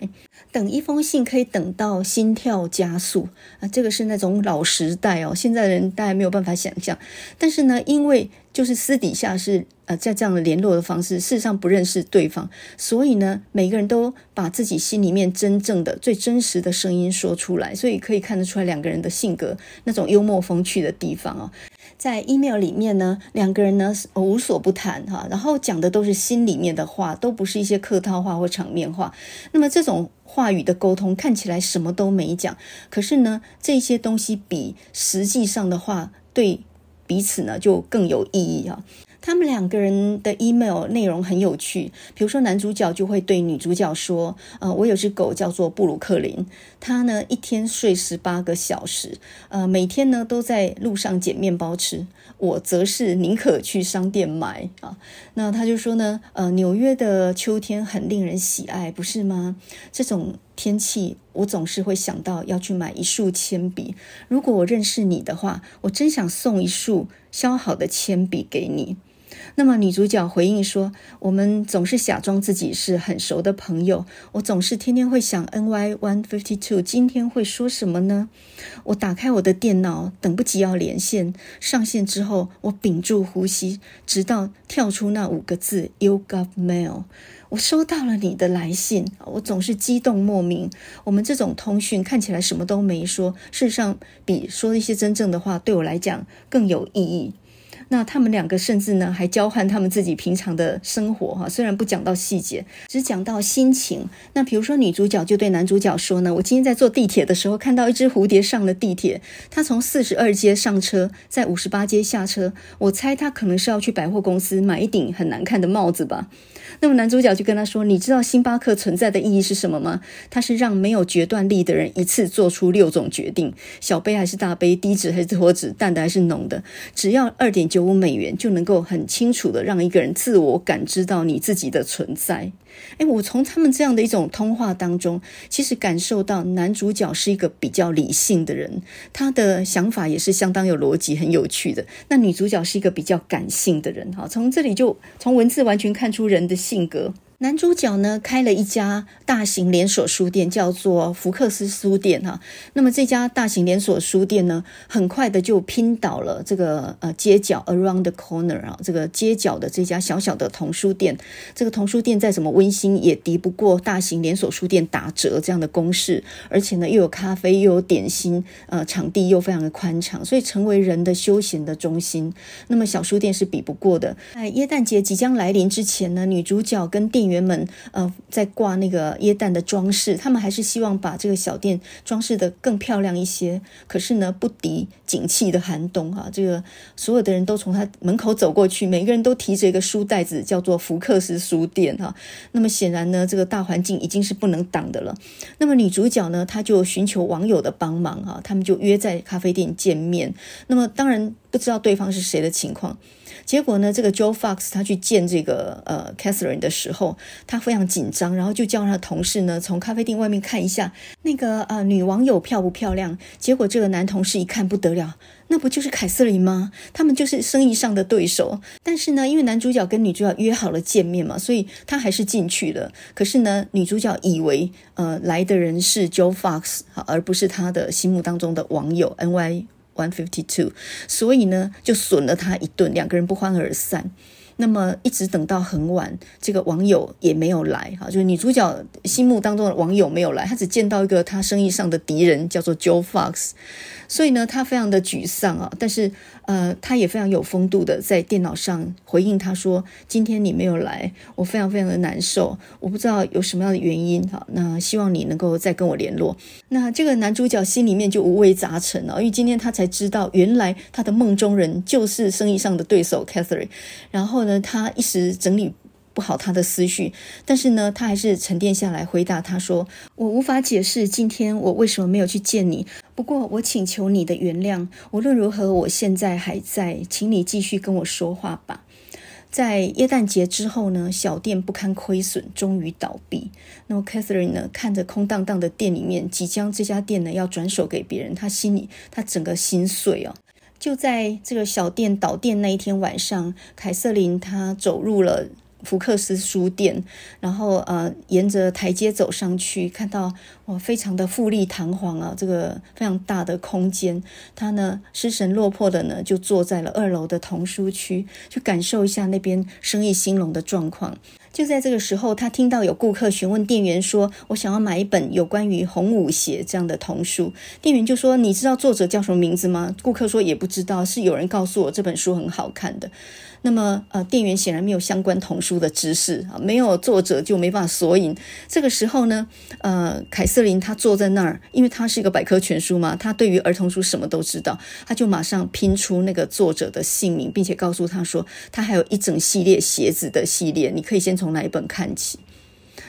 Speaker 1: 等一封信可以等到心跳加速啊，呃，這個是那種老時代哦，現在的人大概沒有辦法想象。但是呢，因為就是私底下是呃在這樣的聯絡的方式，事實上不認識對方，所以呢，每個人都把自己心裡面真正的、最真實的聲音說出來，所以可以看得出來兩個人的性格那種幽默風趣的地方啊、哦。在 email 裡面呢，兩個人呢無所不談哈，然後講的都是心裡面的話，都不是一些客套話或場面話。那麼這種。話語的溝通看起來什麼都沒講，可是呢，這些東西比實際上的話對彼此呢就更有意義啊。他們兩個人的 email 內容很有趣，比如說男主角就會對女主角說：“呃，我有隻狗叫做布魯克林，它呢一天睡十八個小時，呃，每天呢都在路上撿麵包吃。我則是寧可去商店買啊。”那他就說呢：“呃，紐約的秋天很令人喜愛，不是嗎？這種天氣我總是會想到要去買一束鉛筆。如果我認識你的話，我真想送一束削好的鉛筆給你。”那麼女主角回應說：“我們總是假裝自己是很熟的朋友。我總是天天會想，NY One Fifty Two 今天會說什麼呢？我打開我的電腦，等不及要連線。上線之後，我屏住呼吸，直到跳出那五個字 ‘You got mail’。我收到了你的來信，我總是激動莫名。我們這種通訊看起來什麼都沒說，事實上比說一些真正的話對我來講更有意義。”那他們兩個甚至呢還交換他們自己平常的生活哈、啊，雖然不講到細節，只講到心情。那比如說女主角就對男主角說呢，我今天在坐地鐵的時候看到一隻蝴蝶上了地鐵，他從四十二街上車，在五十八街下車，我猜他可能是要去百貨公司買一頂很難看的帽子吧。那麼男主角就跟她說，你知道星巴克存在的意義是什麼嗎？它是讓沒有決斷力的人一次做出六種決定，小杯還是大杯，低脂還是脫脂，淡的還是濃的，只要二點九。九五美元就能夠很清楚的讓一個人自我感知到你自己的存在。誒，我從他們這樣的一種通話當中，其實感受到男主角是一個比較理性的人，他的想法也是相當有邏輯、很有趣的。那女主角是一個比較感性的人，哈，從這裡就從文字完全看出人的性格。男主角呢，開了一家大型連鎖書店，叫做福克斯書店哈、啊。那麼這家大型連鎖書店呢，很快的就拼倒了這個呃街角 Around the Corner 啊，這個街角的這家小小的童書店。這個童書店再怎麼溫馨也敵不過大型連鎖書店打折這樣的攻勢，而且呢又有咖啡又有點心，呃場地又非常的寬敞，所以成為人的休閒的中心。那麼小書店是比不過的。在耶誕節即將來臨之前呢，女主角跟弟員們，呃，在掛那個耶誕的裝飾，他們還是希望把這個小店裝飾得更漂亮一些。可是呢，不敵景氣的寒冬哈、啊，這個所有的人都從他門口走過去，每個人都提着一個書袋子，叫做福克斯書店哈、啊。那麼顯然呢，這個大環境已經是不能擋的了。那麼女主角呢，她就尋求網友的幫忙哈，他、啊、們就約在咖啡店見面。那麼當然不知道對方是誰的情況。結果呢，這個 Joe Fox 他去見這個呃 Catherine 的時候，他非常緊張，然後就叫他的同事呢從咖啡店外面看一下那個呃女網友漂不漂亮。結果這個男同事一看不得了，那不就是凱瑟琳嗎？他們就是生意上的對手。但是呢，因為男主角跟女主角約好了見面嘛，所以他還是進去了。可是呢，女主角以為呃來的人是 Joe Fox，而不是他的心目當中的網友 NY。NYU One fifty two，所以呢，就損了他一頓，兩個人不歡而散。那麼一直等到很晚，這個網友也沒有來啊，就是女主角心目當中的網友沒有來，她只見到一個她生意上的敵人，叫做 Joe Fox，所以呢，她非常的沮喪啊。但是呃，她也非常有風度的在電腦上回應他說：“今天你沒有來，我非常非常的難受，我不知道有什麼樣的原因。好，那希望你能夠再跟我聯絡。”那這個男主角心裡面就五味雜陳啊，因為今天他才知道，原來他的夢中人就是生意上的對手 Catherine，然後。他一時整理不好他的思緒，但是呢，他還是沉澱下來回答他說：“我無法解釋今天我為什麼沒有去見你。不過，我請求你的原諒。無論如何，我現在還在，請你繼續跟我說話吧。”在耶誕節之後呢，小店不堪虧損，終於倒閉。那麼，Catherine 呢，看着空蕩蕩的店裡面，即將這家店呢要轉手給別人，他心裡他整個心碎哦。就在這個小店倒店那一天晚上，凱瑟琳她走入了福克斯書店，然後呃沿着台階走上去，看到哇非常的富麗堂皇啊，這個非常大的空間，她呢失神落魄的呢就坐在了二樓的童書區，去感受一下那邊生意興隆的狀況。就在這個時候，他聽到有顧客詢問店員說：“我想要買一本有關於紅舞鞋這樣的童書。”店員就說：“你知道作者叫什麼名字嗎？”顧客說：“也不知道，是有人告訴我這本書很好看的。”那麼，呃，店員顯然沒有相關童書的知識啊，沒有作者就沒辦法索引。這個時候呢，呃，凱瑟琳她坐在那兒，因為她是一個百科全書嘛，她對於兒童書什麼都知道，她就馬上拼出那個作者的姓名，並且告訴他說，他還有一整系列鞋子的系列，你可以先從哪一本看起。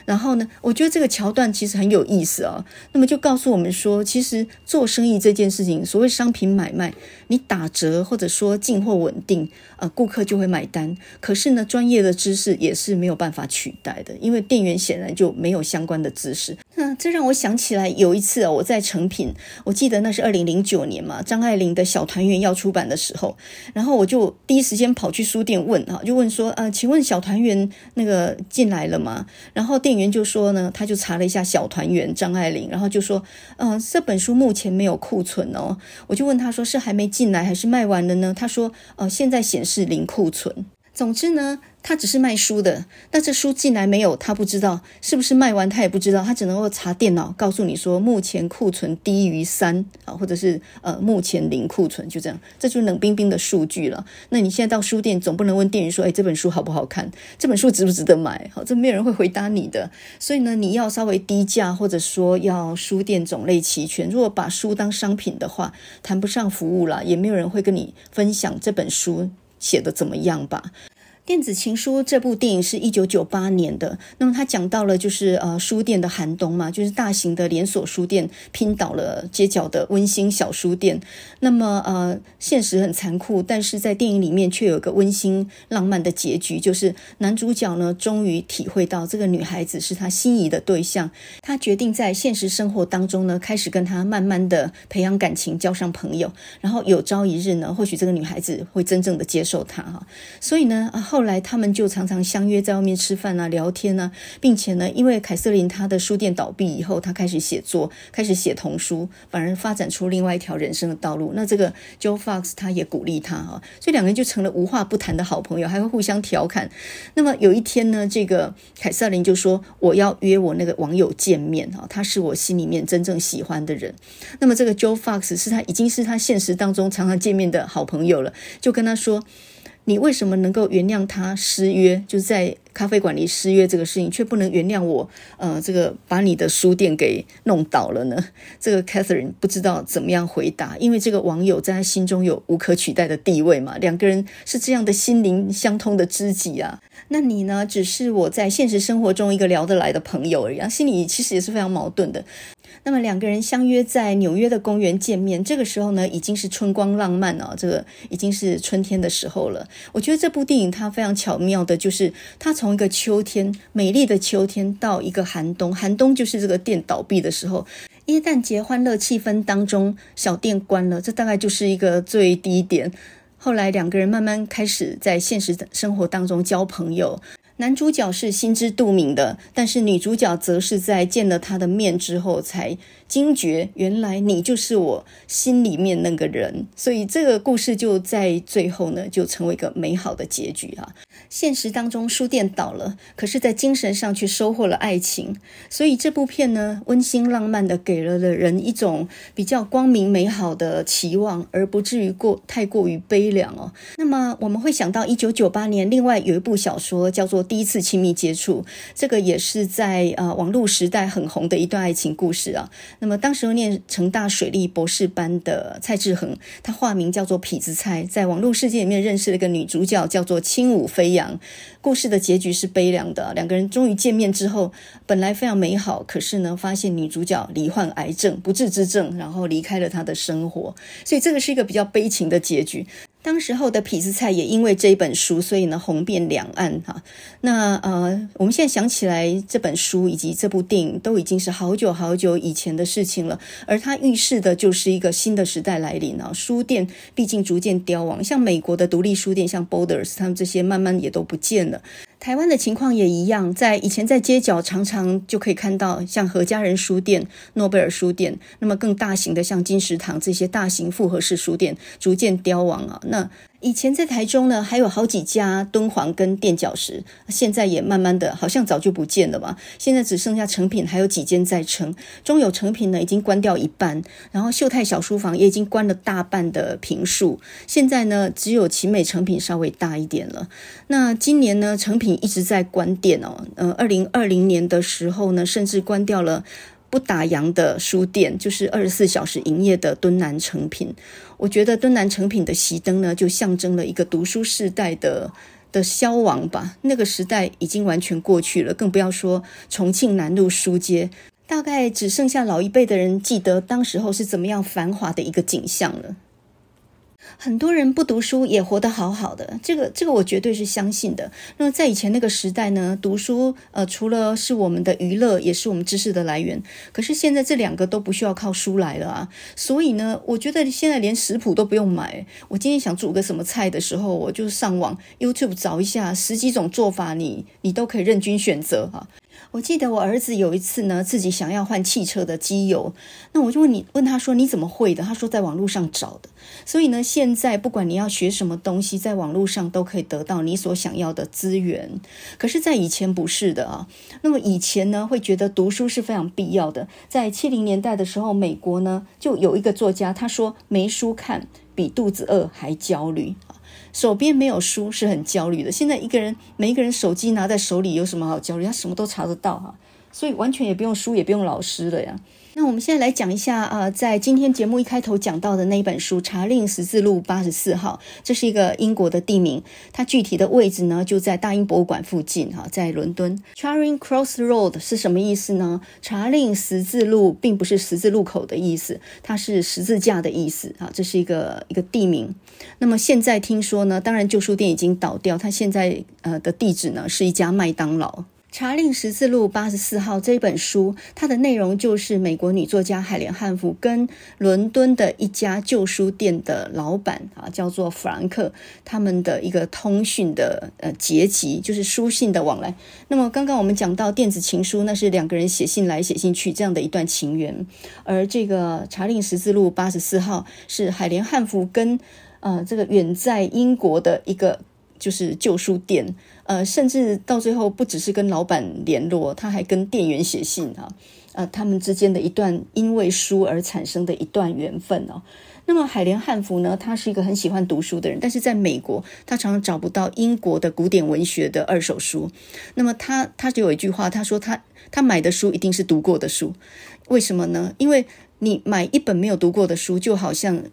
Speaker 1: 然後呢，我覺得這個橋段其實很有意思啊，哦。那麼就告訴我們說，其實做生意這件事情，所謂商品買賣，你打折或者說進貨穩定。呃，顧客就會買單。可是呢，專業的知識也是沒有辦法取代的，因為店員顯然就沒有相關的知識。那、啊、這讓我想起來有一次啊，我在誠品，我記得那是二零零九年嘛，張愛玲的《小團圓》要出版的時候，然後我就第一時間跑去書店問啊，就問說，呃、啊，請問《小團圓》那個進來了嗎？然後店員就說呢，他就查了一下《小團圓》，張愛玲，然後就說，呃、啊，這本書目前沒有庫存哦。我就問他說，是還沒進來還是賣完了呢？他說，呃、啊，現在顯。是零庫存。總之呢，他只是賣書的。那這書進來沒有，他不知道；是不是賣完，他也不知道。他只能夠查電腦，告訴你說，目前庫存低於三啊，或者是呃，目前零庫存，就這樣。這就是冷冰冰的數據了。那你現在到書店，總不能問店員說：“哎，這本書好不好看？這本書值不值得買？”好，這沒有人會回答你的。所以呢，你要稍微低價，或者說要書店種類齊全。如果把書當商品的話，談不上服務了，也沒有人會跟你分享這本書。寫的怎麼樣吧？《電子情書》這部電影是一九九八年的，那麼它講到了就是呃書店的寒冬嘛，就是大型的連鎖書店拼倒了街角的溫馨小書店。那麼呃，現實很殘酷，但是在電影裡面卻有個溫馨浪漫的結局，就是男主角呢，終於體會到這個女孩子是他心儀的對象，他決定在現實生活當中呢，開始跟她慢慢的培養感情，交上朋友，然後有朝一日呢，或許這個女孩子會真正的接受他哈。所以呢啊後。後來他們就常常相約在外面吃飯啊、聊天啊，並且呢，因為凱瑟琳她的書店倒閉以後，她開始寫作，開始寫童書，反而發展出另外一條人生的道路。那這個 Joe Fox 他也鼓勵他哈、啊，所以兩個人就成了無話不談的好朋友，還會互相調侃。那麼有一天呢，這個凱瑟琳就說：“我要約我那個網友見面啊，他是我心裡面真正喜歡的人。”那麼這個 Joe Fox 是他已經是他現實當中常常見面的好朋友了，就跟他說。你為什麼能夠原諒他失約，就是在咖啡館裡失約這個事情，却不能原諒我？呃，這個把你的書店給弄倒了呢？這個 Catherine 不知道怎麼樣回答，因為這個網友在他心中有無可取代的地位嘛。兩個人是這樣的心靈相通的知己啊。那你呢？只是我在現實生活中一個聊得來的朋友而已。然後心裡其實也是非常矛盾的。那麼兩個人相約在紐約的公園見面。這個時候呢，已經是春光浪漫哦，這個已經是春天的時候了。我覺得這部電影它非常巧妙的，就是它從一個秋天、美麗的秋天到一個寒冬，寒冬就是這個店倒閉的時候，耶誕節歡樂氣氛當中，小店關了，這大概就是一個最低點。後來兩個人慢慢開始在現實生活當中交朋友。男主角是心知肚明的，但是女主角則是在見了他的面之後才。驚覺，原來你就是我心裡面那個人，所以這個故事就在最後呢，就成為一個美好的結局啊。現實當中書店倒了，可是，在精神上卻收穫了愛情。所以這部片呢，溫馨浪漫的給了了人一種比較光明美好的期望，而不至於過太過於悲涼哦。那麼我們會想到一九九八年，另外有一部小說叫做《第一次親密接觸》，這個也是在呃、啊、網絡時代很紅的一段愛情故事啊。那麼，當時候念成大水利博士班的蔡志恆，他化名叫做痞子蔡，在網絡世界裡面認識了一個女主角，叫做輕舞飛揚。故事的結局是悲涼的，兩個人終於見面之後，本來非常美好，可是呢，發現女主角罹患癌症，不治之症，然後離開了他的生活。所以，這個是一個比較悲情的結局。當時候的痞子蔡也因為這本書，所以呢，紅遍兩岸哈，啊。那呃，我們現在想起來這本書以及這部電影，都已經是好久好久以前的事情了。而它預示的就是一個新的時代來臨啊。書店畢竟逐漸凋亡，像美國的獨立書店，像 Borders，他們這些慢慢也都不見了。台灣的情況也一樣，在以前在街角常常就可以看到像何家人書店、諾貝爾書店，那麼更大型的像金石堂這些大型複合式書店，逐漸凋亡啊。那。以前在台中呢，還有好幾家敦煌跟墊腳石，現在也慢慢的好像早就不見了吧？現在只剩下誠品，還有幾間在成中友誠品呢，已經關掉一半，然後秀泰小書房也已經關了大半的坪數，現在呢，只有奇美誠品稍微大一點了。那今年呢，誠品一直在關店哦。呃，二零二零年的時候呢，甚至關掉了不打烊的書店，就是二十四小時營業的敦南誠品。我覺得敦南誠品的熄燈呢，就象徵了一個讀書世代的的消亡吧。那個時代已經完全過去了，更不要說重慶南路書街，大概只剩下老一輩的人記得當時候是怎麼樣繁華的一個景象了。很多人不讀書也活得好好的，這個這個我絕對是相信的。那麼在以前那個時代呢，讀書呃除了是我們的娛樂，也是我們知識的來源。可是現在這兩個都不需要靠書來了啊。所以呢，我覺得現在連食譜都不用買。我今天想煮個什麼菜的時候，我就上網 YouTube 找一下十幾種做法你，你你都可以任君選擇哈、啊。我記得我兒子有一次呢，自己想要換汽車的機油，那我就問你，問他說，你怎麼會的？他說在網絡上找的。所以呢，現在不管你要學什麼東西，在網絡上都可以得到你所想要的資源。可是，在以前不是的啊。那麼以前呢，會覺得讀書是非常必要的。在七零年代的時候，美國呢，就有一個作家，他說，沒書看比肚子餓還焦慮。手邊沒有書是很焦慮的。現在一個人，每一個人手機拿在手裡，有什麼好焦慮？他什麼都查得到哈、啊，所以完全也不用書，也不用老師的呀。那我們現在來講一下啊、呃，在今天節目一開頭講到的那一本書《查令十字路八十四號》，這是一個英國的地名。它具體的位置呢，就在大英博物館附近啊，在倫敦。Charing Cross Road 是什麼意思呢？查令十字路並不是十字路口的意思，它是十字架的意思啊，這是一個一個地名。那麼現在聽說呢，當然舊書店已經倒掉，它現在呃的地址呢是一家麥當勞。查令十字路八十四號這一本書，它的內容就是美國女作家海蓮漢芙跟倫敦的一家舊書店的老闆啊，叫做弗蘭克，他們的一個通訊的呃結集，就是書信的往來。那麼剛剛我們講到電子情書，那是兩個人寫信來寫信去這樣的一段情緣，而這個查令十字路八十四號是海蓮漢芙跟呃這個遠在英國的一個。就是舊書店，呃，甚至到最後，不只是跟老闆聯絡，他還跟店員寫信啊，呃，他們之間的一段因為書而產生的一段緣分哦、啊。那麼海蓮漢芙呢，他是一個很喜歡讀書的人，但是在美國，他常常找不到英國的古典文學的二手書。那麼他他就有一句話，他說他他買的書一定是讀過的書，為什麼呢？因為你買一本沒有讀過的書，就好像。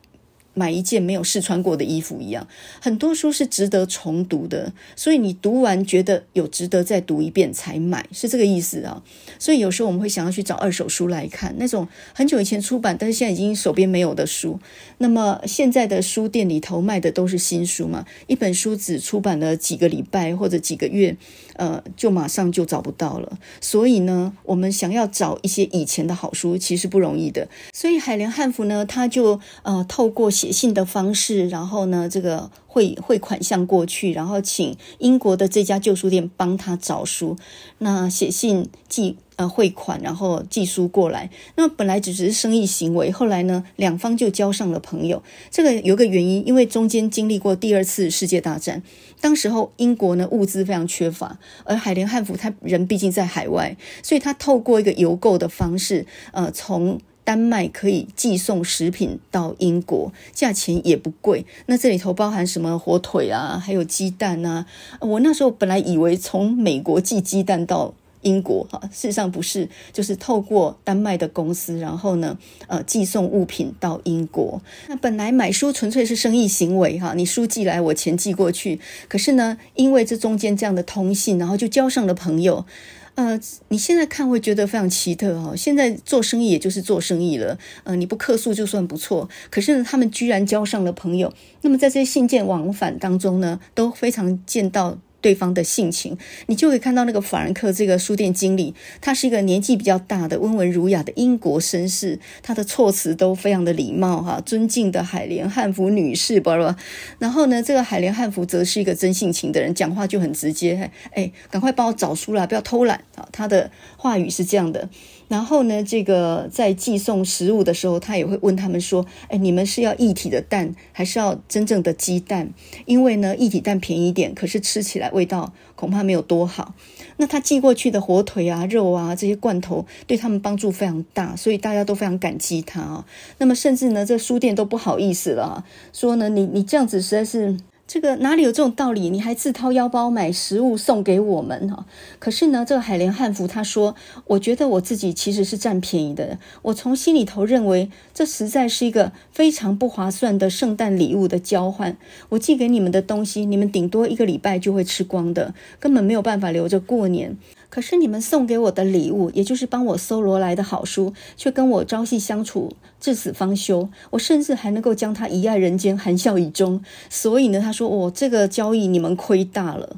Speaker 1: 買一件沒有試穿過的衣服一樣，很多書是值得重讀的，所以你讀完覺得有值得再讀一遍才買，是這個意思啊。所以有時候我們會想要去找二手書來看，那種很久以前出版但是現在已經手邊沒有的書。那麼現在的書店裡頭賣的都是新書嘛。一本書只出版了幾個禮拜或者幾個月。呃，就馬上就找不到了，所以呢，我們想要找一些以前的好書，其實不容易的。所以海蓮漢芙呢，他就呃，透過寫信的方式，然後呢，這個匯匯款項過去，然後請英國的這家舊書店幫他找書。那寫信寄。呃，匯款然後寄書過來，那麼本來只只是生意行為，後來呢，兩方就交上了朋友。這個有一個原因，因為中間經歷過第二次世界大戰，當時候英國呢物資非常缺乏，而海蓮漢芙他人畢竟在海外，所以他透過一個郵購的方式，呃，從丹麥可以寄送食品到英國，價錢也不貴。那這裡頭包含什麼火腿啊，還有雞蛋啊。我那時候本來以為從美國寄雞蛋到。英國啊，事實上不是，就是透過丹麥的公司，然後呢，呃，寄送物品到英國。那本來買書純粹是生意行為哈，你書寄來，我錢寄過去。可是呢，因為這中間這樣的通信，然後就交上了朋友。呃，你現在看會覺得非常奇特哈。現在做生意也就是做生意了，呃，你不客訴就算不錯。可是呢，他們居然交上了朋友。那麼在這些信件往返當中呢，都非常見到。對方的性情，你就會看到那個法蘭克這個書店經理，他是一個年紀比較大的、溫文儒雅的英國紳士，他的措辭都非常的禮貌哈，尊敬的海蓮漢芙女士，不拉，然後呢，這個海蓮漢芙則是一個真性情的人，講話就很直接，哎，趕快幫我找書啦，不要偷懶啊，他的。話語是這樣的，然後呢，這個在寄送食物的時候，他也會問他們說：“哎，你們是要液體的蛋，還是要真正的雞蛋？因為呢，液體蛋便宜一點，可是吃起來味道恐怕沒有多好。那他寄過去的火腿啊、肉啊這些罐頭，對他們幫助非常大，所以大家都非常感激他、哦、那麼甚至呢，這書店都不好意思了、啊，說呢，你你這樣子實在是。”這個哪裡有這種道理？你還自掏腰包買食物送給我們哈？可是呢，這個海倫漢芙他說，我覺得我自己其實是占便宜的，我從心裡頭認為，這實在是一個非常不划算的聖誕禮物的交換。我寄給你們的東西，你們頂多一個禮拜就會吃光的，根本沒有辦法留着過年。可是你們送給我的禮物，也就是幫我搜羅來的好書，卻跟我朝夕相處至死方休。我甚至還能夠將他遺愛人間，含笑以終。所以呢，他說我、哦、這個交易你們虧大了。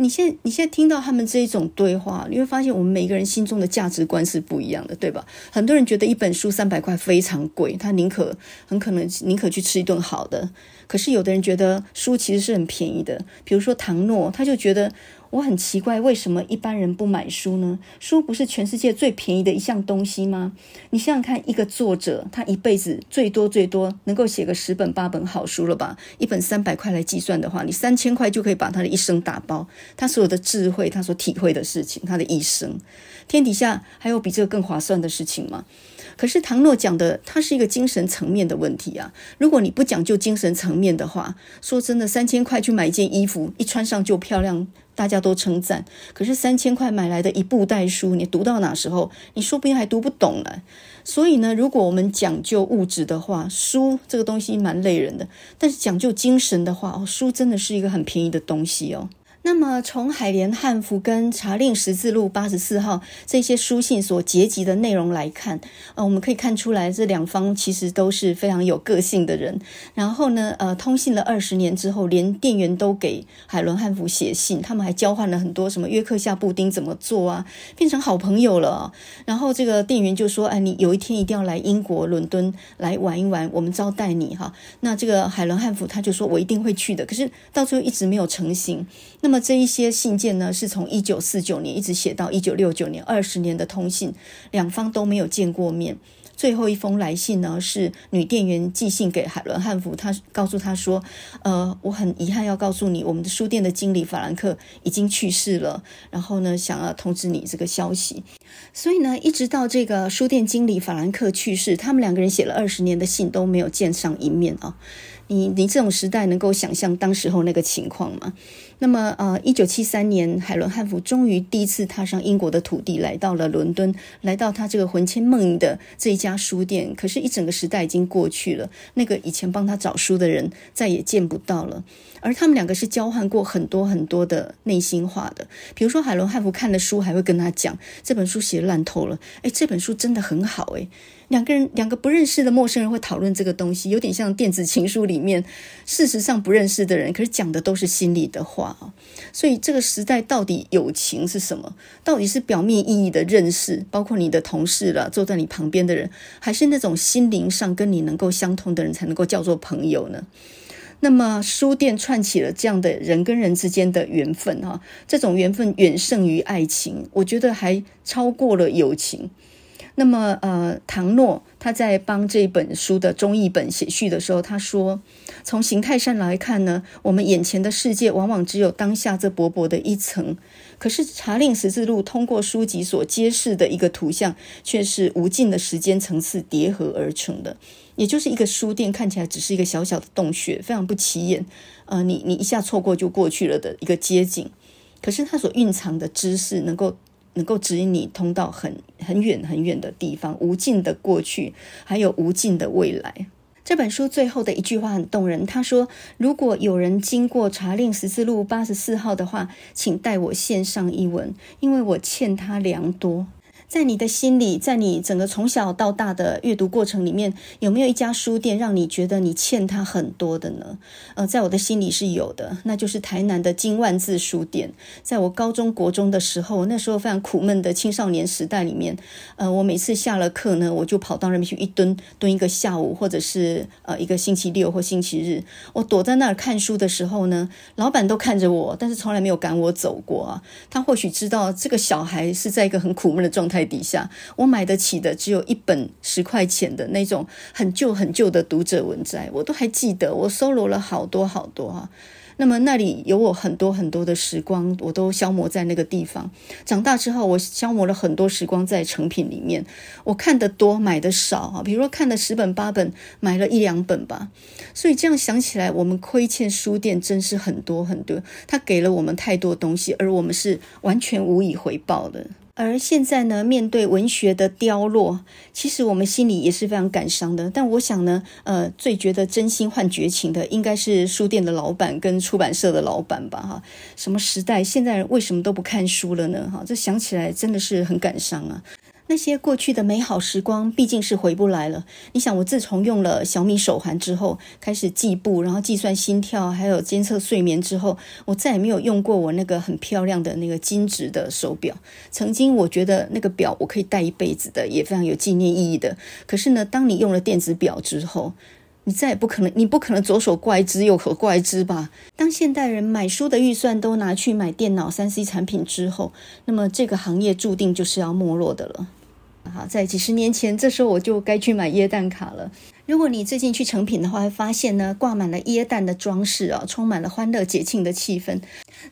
Speaker 1: 你現在你現在聽到他們這一種對話，你會發現我們每個人心中的價值觀是不一樣的，對吧？很多人覺得一本書三百塊非常貴，他寧可很可能寧可去吃一頓好的。可是有的人覺得書其實是很便宜的，比如說唐諾，他就覺得。我很奇怪，為什麼一般人不買書呢？書不是全世界最便宜的一項東西嗎？你想想看，一個作者他一輩子最多最多能夠寫個十本八本好書了吧？一本三百塊來計算的話，你三千塊就可以把他的一生打包，他所有的智慧，他所體會的事情，他的一生。天底下還有比這個更划算的事情嗎？可是唐諾講的，他是一個精神層面的問題啊。如果你不講究精神層面的話，說真的，三千塊去買一件衣服，一穿上就漂亮。大家都稱讚，可是三千塊買來的一部帶書，你讀到哪時候，你說不定還讀不懂了啊。所以呢，如果我們講究物質的話，書這個東西蠻累人的；但是講究精神的話，哦，書真的是一個很便宜的東西哦。那麼，從海倫漢芙跟查令十字路八十四號這些書信所結集的內容來看，呃，我們可以看出來這兩方其實都是非常有個性的人。然後呢，呃，通信了二十年之後，連店員都給海倫漢芙寫信，他們還交換了很多什麼約克夏布丁怎麼做啊，變成好朋友了、啊。然後這個店員就說：“啊、哎，你有一天一定要來英國倫敦來玩一玩，我們招待你哈、啊。”那這個海倫漢芙他就說：“我一定會去的。”可是到最後一直沒有成行。那麼這一些信件呢，是從一九四九年一直寫到一九六九年，二十年的通信，兩方都沒有見過面。最後一封來信呢，是女店員寄信給海倫漢芙，她告訴他說：“呃，我很遺憾要告訴你，我們的書店的經理法蘭克已經去世了。然後呢，想要通知你這個消息。所以呢，一直到這個書店經理法蘭克去世，他們兩個人寫了二十年的信，都沒有見上一面啊、哦。你你這種時代能夠想象當時候那個情況嗎？”那麼，呃，一九七三年，海倫漢芙終於第一次踏上英國的土地，來到了倫敦，來到他這個魂牽夢縈的這一家書店。可是，一整個時代已經過去了，那個以前幫他找書的人再也見不到了。而他們兩個是交換過很多很多的內心話的，比如說海倫漢芙看的書，還會跟他講這本書寫爛透了，哎，這本書真的很好，哎，兩個人兩個不認識的陌生人會討論這個東西，有點像電子情書裡面，事實上不認識的人，可是講的都是心裡的話啊，所以這個時代到底友情是什麼？到底是表面意義的認識，包括你的同事了，坐在你旁邊的人，還是那種心靈上跟你能夠相通的人才能夠叫做朋友呢？那麼書店串起了這樣的人跟人之間的緣分哈、啊，這種緣分遠勝於愛情，我覺得還超過了友情。那麼呃，唐諾他在幫這本書的中譯本寫序的時候，他說：“從形態上來看呢，我們眼前的世界往往只有當下這薄薄的一層，可是《查令十字路》通過書籍所揭示的一個圖像，卻是無盡的時間層次疊合而成的。”也就是一個書店，看起來只是一個小小的洞穴，非常不起眼，呃，你你一下錯過就過去了的一個街景，可是它所蘊藏的知識，能夠能夠指引你通到很很遠很遠的地方，無盡的過去，還有無盡的未來。這本書最後的一句話很動人，他說：“如果有人經過查令十字路八十四號的話，請代我獻上一吻，因為我欠他良多。”在你的心裡，在你整個從小到大的閱讀過程裡面，有沒有一家書店讓你覺得你欠他很多的呢？呃，在我的心裡是有的，那就是台南的金萬字書店。在我高中國中的時候，那時候非常苦悶的青少年時代裡面，呃，我每次下了課呢，我就跑到那邊去一蹲，蹲一個下午，或者是呃一個星期六或星期日，我躲在那兒看書的時候呢，老闆都看着我，但是從來沒有趕我走過啊。他或許知道這個小孩是在一個很苦悶的狀態。在底下，我買得起的只有一本十塊錢的那種很舊很舊的讀者文摘，我都還記得。我搜羅了好多好多哈、啊，那麼那裡有我很多很多的時光，我都消磨在那個地方。長大之後，我消磨了很多時光在誠品裡面，我看得多，買得少啊。比如說看了十本八本，買了一兩本吧。所以這樣想起來，我們虧欠書店真是很多很多，它給了我們太多東西，而我們是完全無以回報的。而現在呢，面對文學的凋落，其實我們心裡也是非常感傷的。但我想呢，呃，最覺得真心換絕情的，應該是書店的老板跟出版社的老板吧，哈。什麼時代？現在人為什麼都不看書了呢？哈，這想起來真的是很感傷啊。那些過去的美好時光，畢竟是回不來了。你想，我自從用了小米手環之後，開始計步，然後計算心跳，還有監測睡眠之後，我再也沒有用過我那個很漂亮的那個金質的手錶。曾經我覺得那個表我可以戴一輩子的，也非常有紀念意義的。可是呢，當你用了電子表之後，你再也不可能，你不可能左手怪之，右手怪之吧？當現代人買書的預算都拿去買電腦、三 C 產品之後，那麼這個行業注定就是要沒落的了。好，在幾十年前，這時候我就該去買耶誕卡了。如果你最近去誠品的話，會發現呢，掛滿了耶誕的裝飾、哦、充滿了歡樂節慶的氣氛。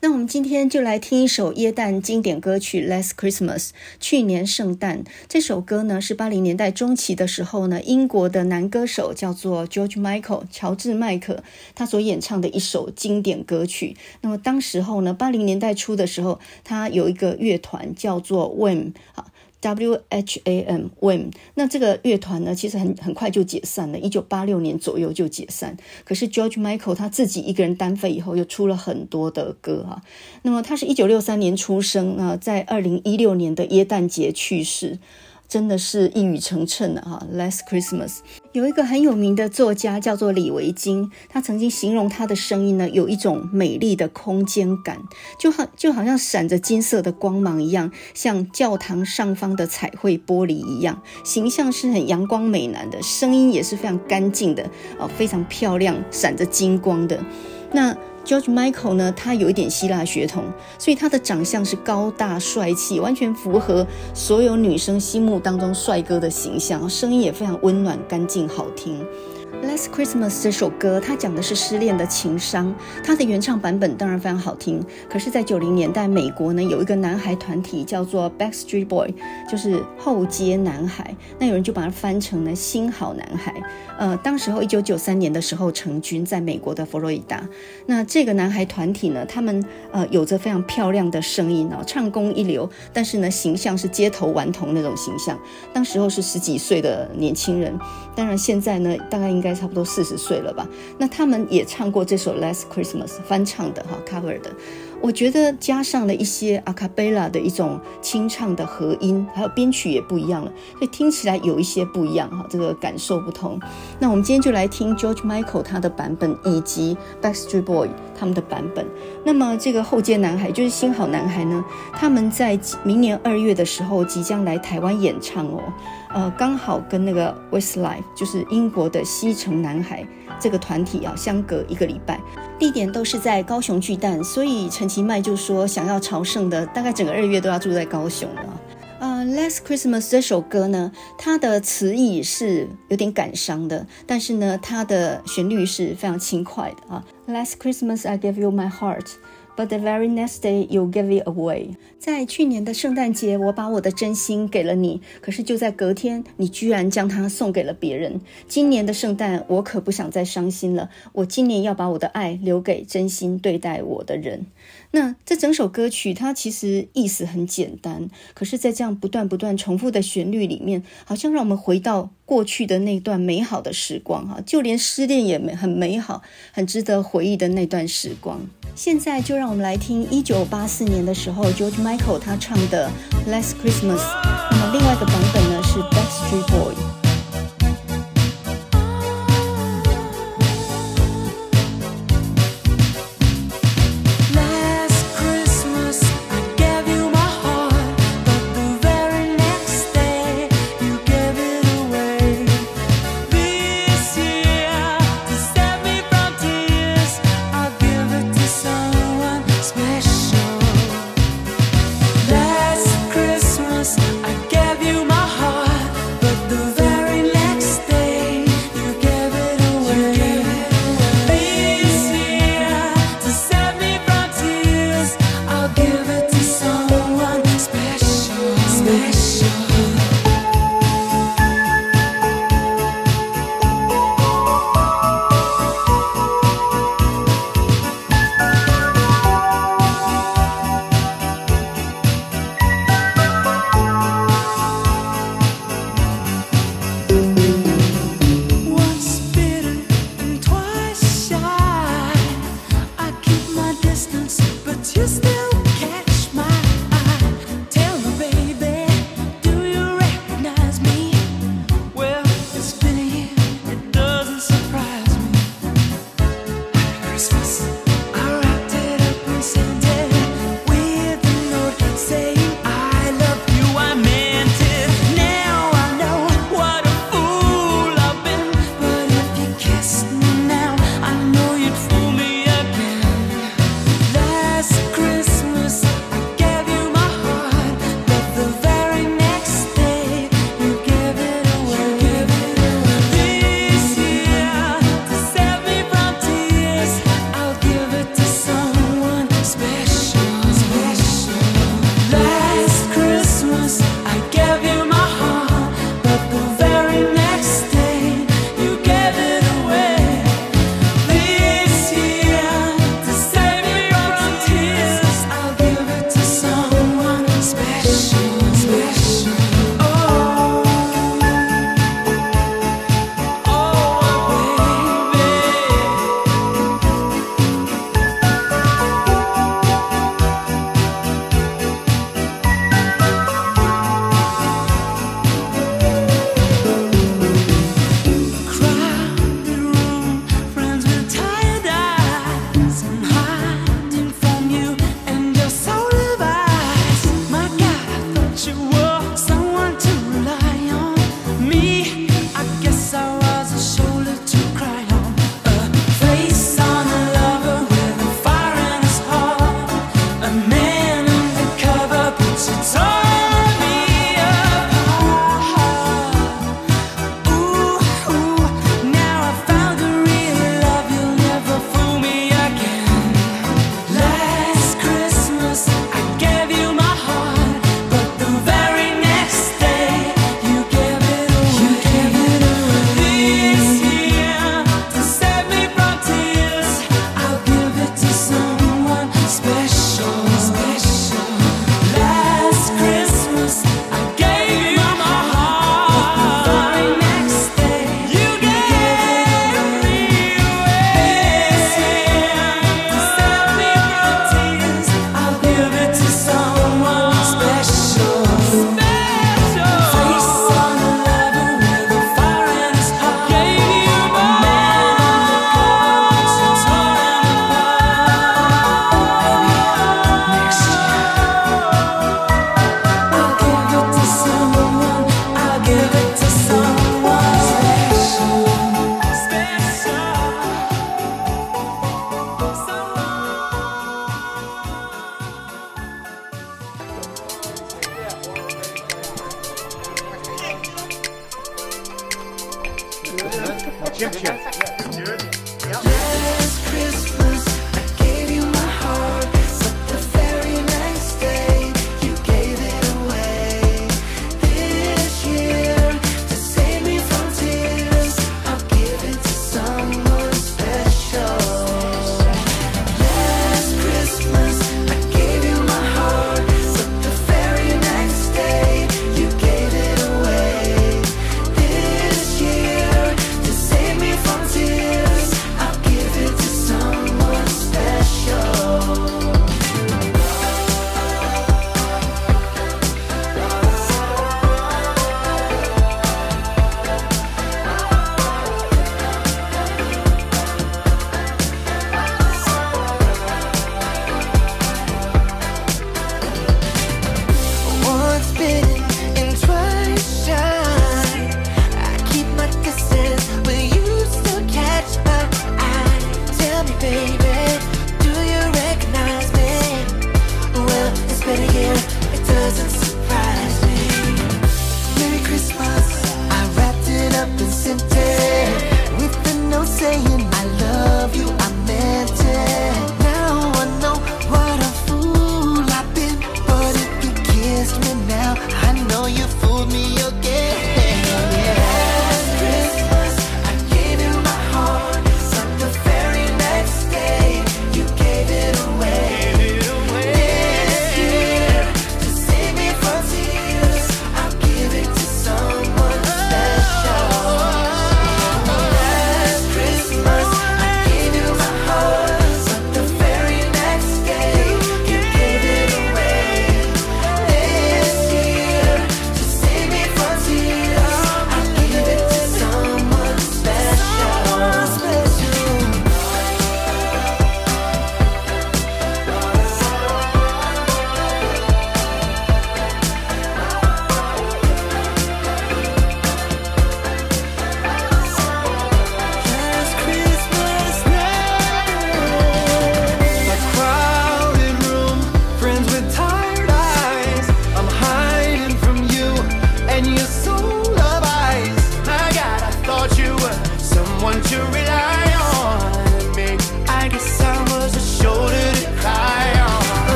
Speaker 1: 那我們今天就來聽一首耶誕經典歌曲《Last Christmas》，去年聖誕。這首歌呢，是八零年代中期的時候呢，英國的男歌手叫做 George Michael 喬治麥克，他所演唱的一首經典歌曲。那麼當時候呢，八零年代初的時候，他有一個樂團叫做 Wham 啊。W H A M，Wham 那這個樂團呢，其實很很快就解散了，一九八六年左右就解散。可是 George Michael 他自己一個人單飛以後，又出了很多的歌啊。那麼他是一九六三年出生啊、呃，在二零一六年的耶誕節去世，真的是一語成讖的哈。Last Christmas。有一個很有名的作家叫做李維菁，他曾經形容他的聲音呢，有一種美麗的空間感，就好就好像閃着金色的光芒一樣，像教堂上方的彩繪玻璃一樣，形象是很陽光美男的，聲音也是非常乾淨的哦，非常漂亮，閃着金光的，那。George Michael 呢，他有一點希臘血統，所以他的長相是高大帥氣，完全符合所有女生心目當中帥哥的形象，聲音也非常溫暖、乾淨、好聽。Last Christmas 這首歌，它講的是失戀的情傷。它的原唱版本當然非常好聽，可是，在九零年代美國呢，有一個男孩團體叫做 Backstreet Boy，就是後街男孩。那有人就把它翻成了新好男孩。呃，當時候一九九三年的時候成軍在美國的佛羅里達。那這個男孩團體呢，他們呃有着非常漂亮的聲音哦，唱功一流，但是呢，形象是街頭頑童那種形象。當時候是十幾歲的年輕人。當然，現在呢，大概應該差不多四十歲了吧。那他們也唱過這首《Last Christmas》，翻唱的哈，cover 的。我覺得加上了一些 A cappella 的一種清唱的和音，還有編曲也不一樣了，所以聽起來有一些不一樣哈，這個感受不同。那我們今天就來聽 George Michael 他的版本，以及 Backstreet Boy 他們的版本。那麼這個後街男孩就是新好男孩呢，他們在明年二月的時候即將來台灣演唱哦。呃，剛好跟那個 Westlife，就是英國的西城男孩這個團體啊，相隔一個禮拜，地點都是在高雄巨蛋，所以陳其邁就說想要朝聖的，大概整個二月都要住在高雄了，啊。呃，Last Christmas 這首歌呢，它的詞意是有點感傷的，但是呢，它的旋律是非常輕快的啊。Last Christmas I gave you my heart。But the very next day, you give it away. 在去年的聖誕節，我把我的真心給了你。可是就在隔天，你居然將它送給了別人。今年的聖誕，我可不想再傷心了。我今年要把我的愛留給真心對待我的人。那這整首歌曲，它其實意思很簡單，可是，在這樣不斷不斷重複的旋律裡面，好像讓我們回到過去的那段美好的時光哈，就連失戀也美很美好，很值得回憶的那段時光。現在就讓我們來聽一九八四年的時候，George Michael 他唱的《Last Christmas》，那麼另外一個版本呢是《Backstreet Boy》。